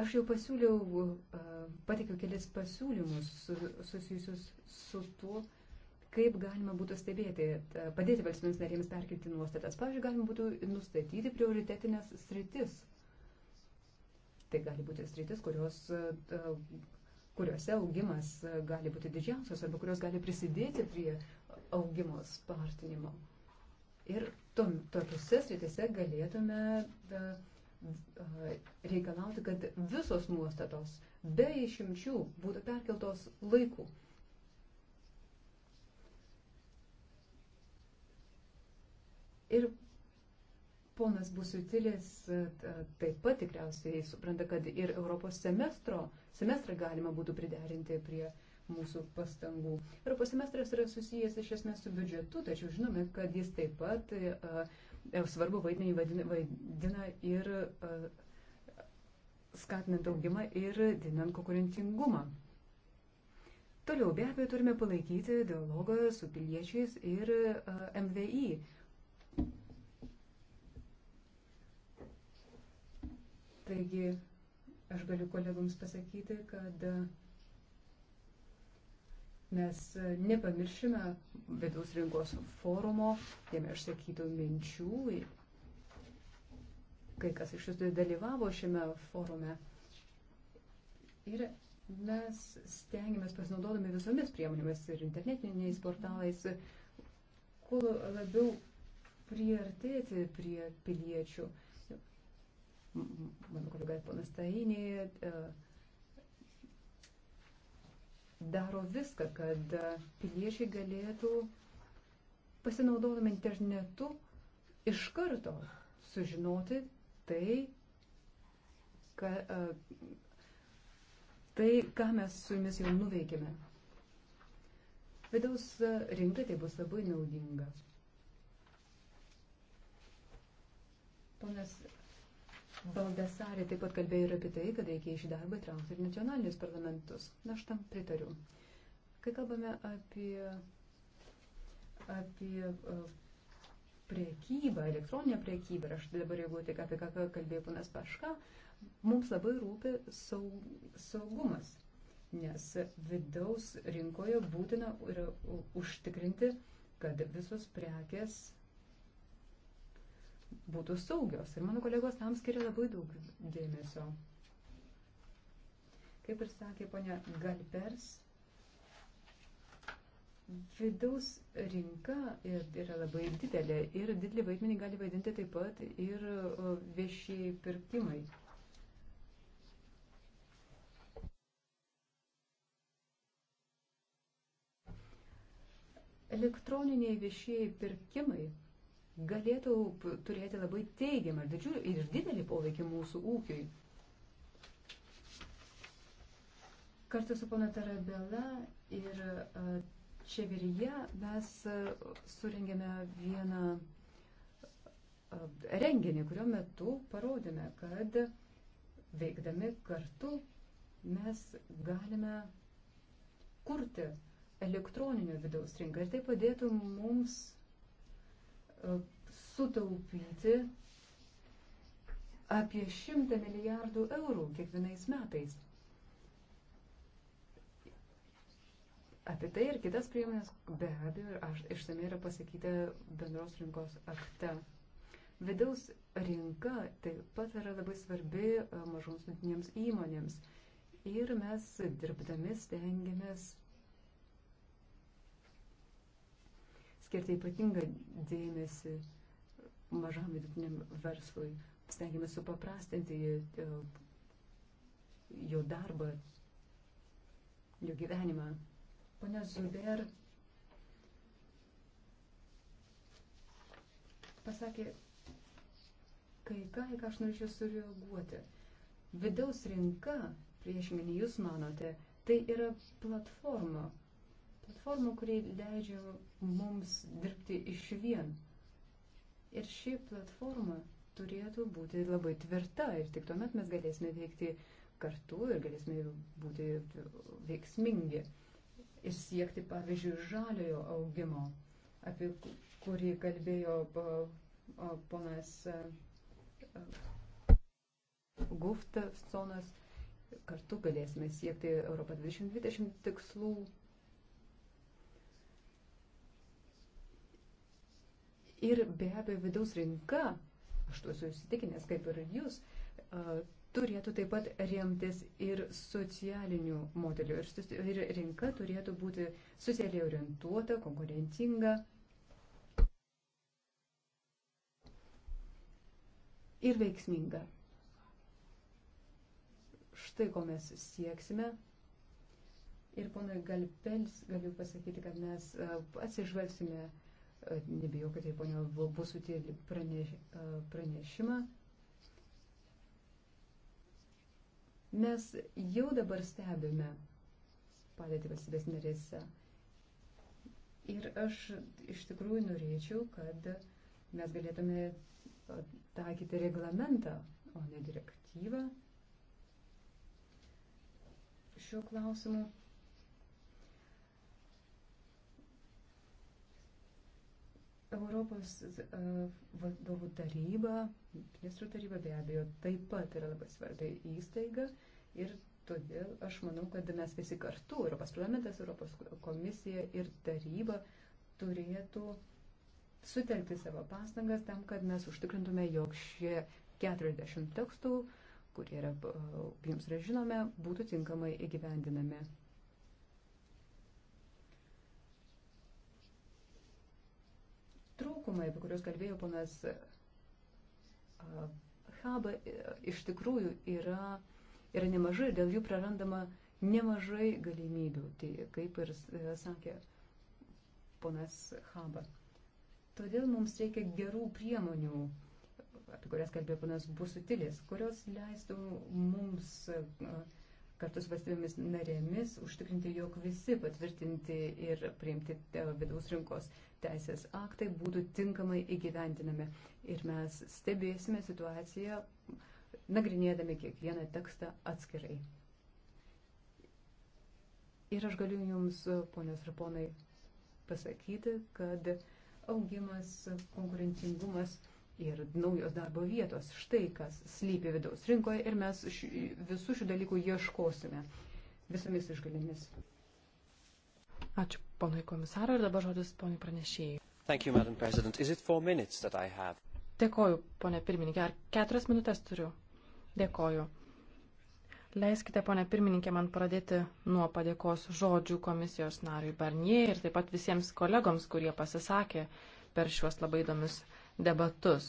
Aš jau pasiūliau, patikiau kelis pasiūlymus susijusius su tuo, kaip galima būtų stebėti, padėti valstybėms narėms perkelti nuostatas. Pavyzdžiui, galima būtų nustatyti prioritetinės sritis. Tai gali būti sritis, kurios, kuriuose augimas gali būti didžiausias arba kurios gali prisidėti prie augimo spartinimo. Ir tokiuose sritise galėtume. Da, reikalauti, kad visos nuostatos be išimčių būtų perkeltos laiku. Ir ponas Busutilis taip pat tikriausiai supranta, kad ir Europos semestro, semestrą galima būtų priderinti prie mūsų pastangų. Europos semestras yra susijęs iš esmės su biudžetu, tačiau žinome, kad jis taip pat uh, E, svarbu vaidmenį vaidina, vaidina ir e, skatinant augimą ir didinant konkurencingumą. Toliau be abejo turime palaikyti dialogą su piliečiais ir e, MVI. Taigi aš galiu kolegoms pasakyti, kad Mes e, nepamiršime vidaus rinkos forumo, jame išsakytų minčių. Kai kas iš jūsų dalyvavo šiame forume. Ir mes stengiamės pasinaudodami visomis priemonėmis ir internetiniais portalais, kuo labiau priartėti prie piliečių. Mano kolega ponas Tainė. Uh, daro viską, kad piliečiai galėtų pasinaudodami internetu iš karto sužinoti tai, ka, e, tai ką mes su jumis jau nuveikėme. Vidaus rinkai tai bus labai naudinga. Ponas Baldasarė taip pat kalbėjo ir apie tai, kad reikia į šį darbą įtraukti ir nacionalinius parlamentus. Na, aš tam pritariu. Kai kalbame apie, apie e, priekybą, elektroninę priekybą, ir aš dabar jeigu tik apie ką kalbėjo ponas Paška, mums labai rūpi saug, saugumas, nes vidaus rinkoje būtina yra užtikrinti, kad visos prekės būtų saugios. Ir mano kolegos tam skiria labai daug dėmesio. Kaip ir sakė ponia Galpers, vidaus rinka yra labai didelė ir didelį vaidmenį gali vaidinti taip pat ir viešieji pirkimai. Elektroniniai viešieji pirkimai galėtų turėti labai teigiamą ir, didžiulį, ir didelį poveikį mūsų ūkiui. Kartu su pana Tarabela ir e, Čeviryje mes e, suringėme vieną e, renginį, kurio metu parodėme, kad veikdami kartu mes galime kurti elektroninio vidaus rinką ir tai padėtų mums sutaupyti apie 100 milijardų eurų kiekvienais metais. Apie tai ir kitas priemonės be abejo aš išsamei yra pasakyta bendros rinkos akte. Vidaus rinka taip pat yra labai svarbi e, mažoms nutinėms įmonėms. Ir mes dirbdami stengiamės skirti ypatingą dėmesį mažam vidutiniam verslui. Stengiamės supaprastinti e, jo darbą, jo gyvenimą. Pone Zuber pasakė kai ką, į ką aš norėčiau sureaguoti. Vidaus rinka, priešingai jūs manote, tai yra platforma, platformą, kuri leidžia mums dirbti iš vien. Ir ši platforma turėtų būti labai tvirta ir tik tuomet mes galėsime veikti kartu ir galėsime būti veiksmingi ir siekti, pavyzdžiui, žaliojo augimo, apie kurį kalbėjo ponas e, e, Guftasonas. Kartu galėsime siekti Europą 2020 tikslų Ir be abejo, vidaus rinka, aš tuos įsitikinęs kaip ir jūs, turėtų taip pat remtis ir socialiniu modeliu. Ir, ir rinka turėtų būti socialiai orientuota, konkurencinga. Ir veiksminga. Štai ko mes sieksime. Ir ponui Galpels galiu pasakyti, kad mes atsižvelgsime uh, Nebijau, kad tai ponia Busutė praneš, pranešimą. Mes jau dabar stebime padėti valstybės narėse. Ir aš iš tikrųjų norėčiau, kad mes galėtume taikyti reglamentą, o ne direktyvą šiuo klausimu. Europos e, vadovų taryba, ministrų taryba be abejo taip pat yra labai svarbi įstaiga ir todėl aš manau, kad mes visi kartu, Europos parlamentas, Europos komisija ir taryba turėtų sutelkti savo pastangas tam, kad mes užtikrintume, jog šie 40 tekstų, kurie yra, e, jums yra žinome, būtų tinkamai įgyvendinami. trūkumai, apie kuriuos kalbėjo ponas Haba, e, iš tikrųjų yra, yra nemažai ir dėl jų prarandama nemažai galimybių, tai kaip ir e, sakė ponas Haba. Todėl mums reikia gerų priemonių, apie kurias kalbėjo ponas Busutilis, kurios leistų mums. Uh, kartu su valstybėmis narėmis užtikrinti, jog visi patvirtinti ir priimti e, vidaus rinkos teisės aktai būtų tinkamai įgyventinami. Ir mes stebėsime situaciją, nagrinėdami kiekvieną tekstą atskirai. Ir aš galiu Jums, ponios ir ponai, pasakyti, kad augimas, konkurencingumas ir naujos darbo vietos. Štai kas slypi vidaus rinkoje ir mes š, visų šių dalykų ieškosime visomis išgalimis. Ačiū ponui komisarui ir dabar žodis ponui pranešėjai. Dėkoju, ponė pirmininkė. Ar keturias minutės turiu? Dėkoju. Leiskite, ponė pirmininkė, man pradėti nuo padėkos žodžių komisijos nariui Barnie ir taip pat visiems kolegoms, kurie pasisakė per šiuos labai įdomius debatus.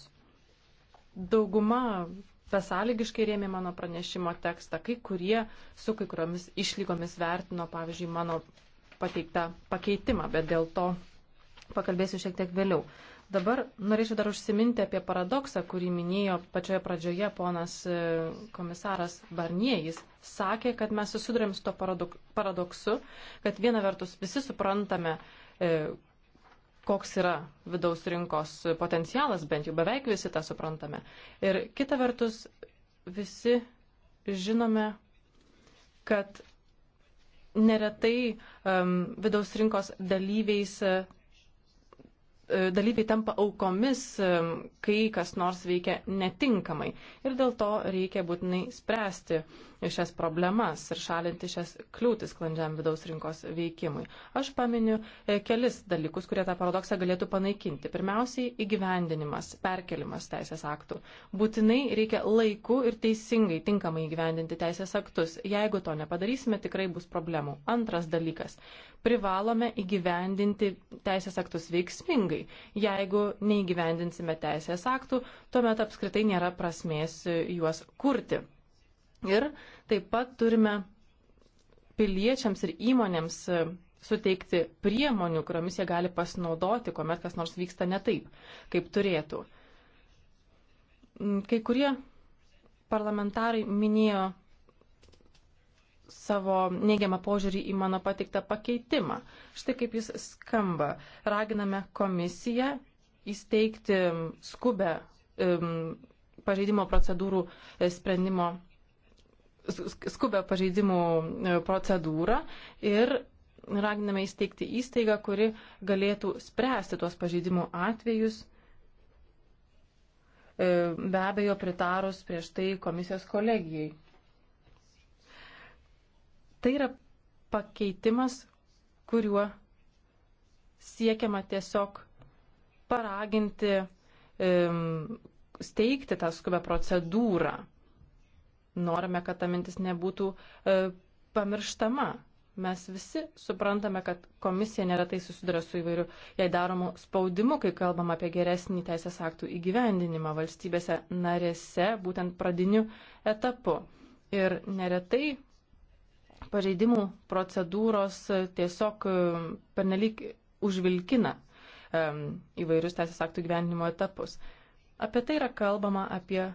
Dauguma besąlygiškai rėmė mano pranešimo tekstą, kai kurie su kai kuriomis išlygomis vertino, pavyzdžiui, mano pateiktą pakeitimą, bet dėl to pakalbėsiu šiek tiek vėliau. Dabar norėčiau dar užsiminti apie paradoksą, kurį minėjo pačioje pradžioje ponas e, komisaras Barniejis. Sakė, kad mes susidurėm su to paradoksu, kad viena vertus visi suprantame, e, koks yra vidaus rinkos potencialas, bent jau beveik visi tą suprantame. Ir kita vertus, visi žinome, kad neretai um, vidaus rinkos dalyviais dalyviai tampa aukomis, kai kas nors veikia netinkamai. Ir dėl to reikia būtinai spręsti šias problemas ir šalinti šias kliūtis sklandžiam vidaus rinkos veikimui. Aš paminiu e, kelis dalykus, kurie tą paradoksą galėtų panaikinti. Pirmiausiai, įgyvendinimas, perkelimas teisės aktų. Būtinai reikia laiku ir teisingai, tinkamai įgyvendinti teisės aktus. Jeigu to nepadarysime, tikrai bus problemų. Antras dalykas. Privalome įgyvendinti teisės aktus veiksmingai greitai. Jeigu neįgyvendinsime teisės aktų, tuomet apskritai nėra prasmės juos kurti. Ir taip pat turime piliečiams ir įmonėms suteikti priemonių, kuriomis jie gali pasinaudoti, kuomet kas nors vyksta ne taip, kaip turėtų. Kai kurie parlamentarai minėjo savo neigiamą požiūrį į mano patiktą pakeitimą. Štai kaip jis skamba. Raginame komisiją įsteigti skubę um, pažeidimo procedūrų e, sprendimo, skubę pažeidimų e, procedūrą ir raginame įsteigti įstaigą, kuri galėtų spręsti tuos pažeidimų atvejus e, be abejo pritarus prieš tai komisijos kolegijai. Tai yra pakeitimas, kuriuo siekiama tiesiog paraginti steigti tą skubę procedūrą. Norime, kad ta mintis nebūtų e, pamirštama. Mes visi suprantame, kad komisija neretai susiduria su įvairiu jai daromu spaudimu, kai kalbam apie geresnį teisės aktų įgyvendinimą valstybėse narėse, būtent pradiniu etapu. Ir neretai pažeidimų procedūros tiesiog um, pernelyg užvilkina um, įvairius teisės aktų gyvenimo etapus. Apie tai yra kalbama apie e,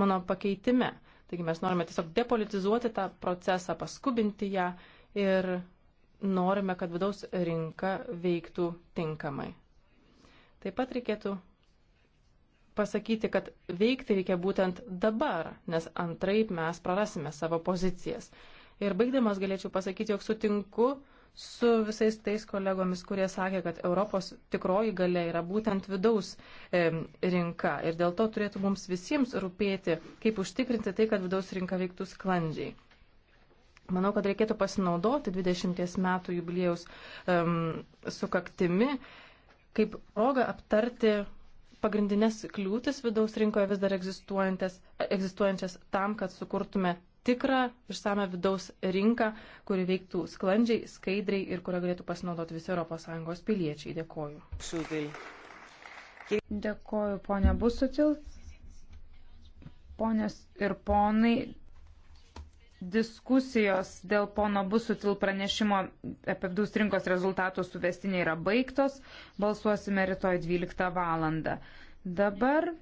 mano pakeitime. Taigi mes norime tiesiog depolitizuoti tą procesą, paskubinti ją ir norime, kad vidaus rinka veiktų tinkamai. Taip pat reikėtų pasakyti, kad veikti reikia būtent dabar, nes antraip mes prarasime savo pozicijas. Ir baigdamas galėčiau pasakyti, jog sutinku su visais tais kolegomis, kurie sakė, kad Europos tikroji galia yra būtent vidaus e, rinka. Ir dėl to turėtų mums visiems rūpėti, kaip užtikrinti tai, kad vidaus rinka veiktų sklandžiai. Manau, kad reikėtų pasinaudoti 20 metų jubiliejaus um, sukaktimi, kaip proga aptarti pagrindinės kliūtis vidaus rinkoje vis dar egzistuojančias tam, kad sukurtume tikrą išsame vidaus rinką, kuri veiktų sklandžiai, skaidriai ir kurią galėtų pasinaudoti visi ES piliečiai. Dėkoju. Sutil. Dėkoju, ponė Busutil. Ponės ir ponai, diskusijos dėl pono Busutil pranešimo apie vidaus rinkos rezultatų suvestinė yra baigtos. Balsuosime rytoj 12 val. Dabar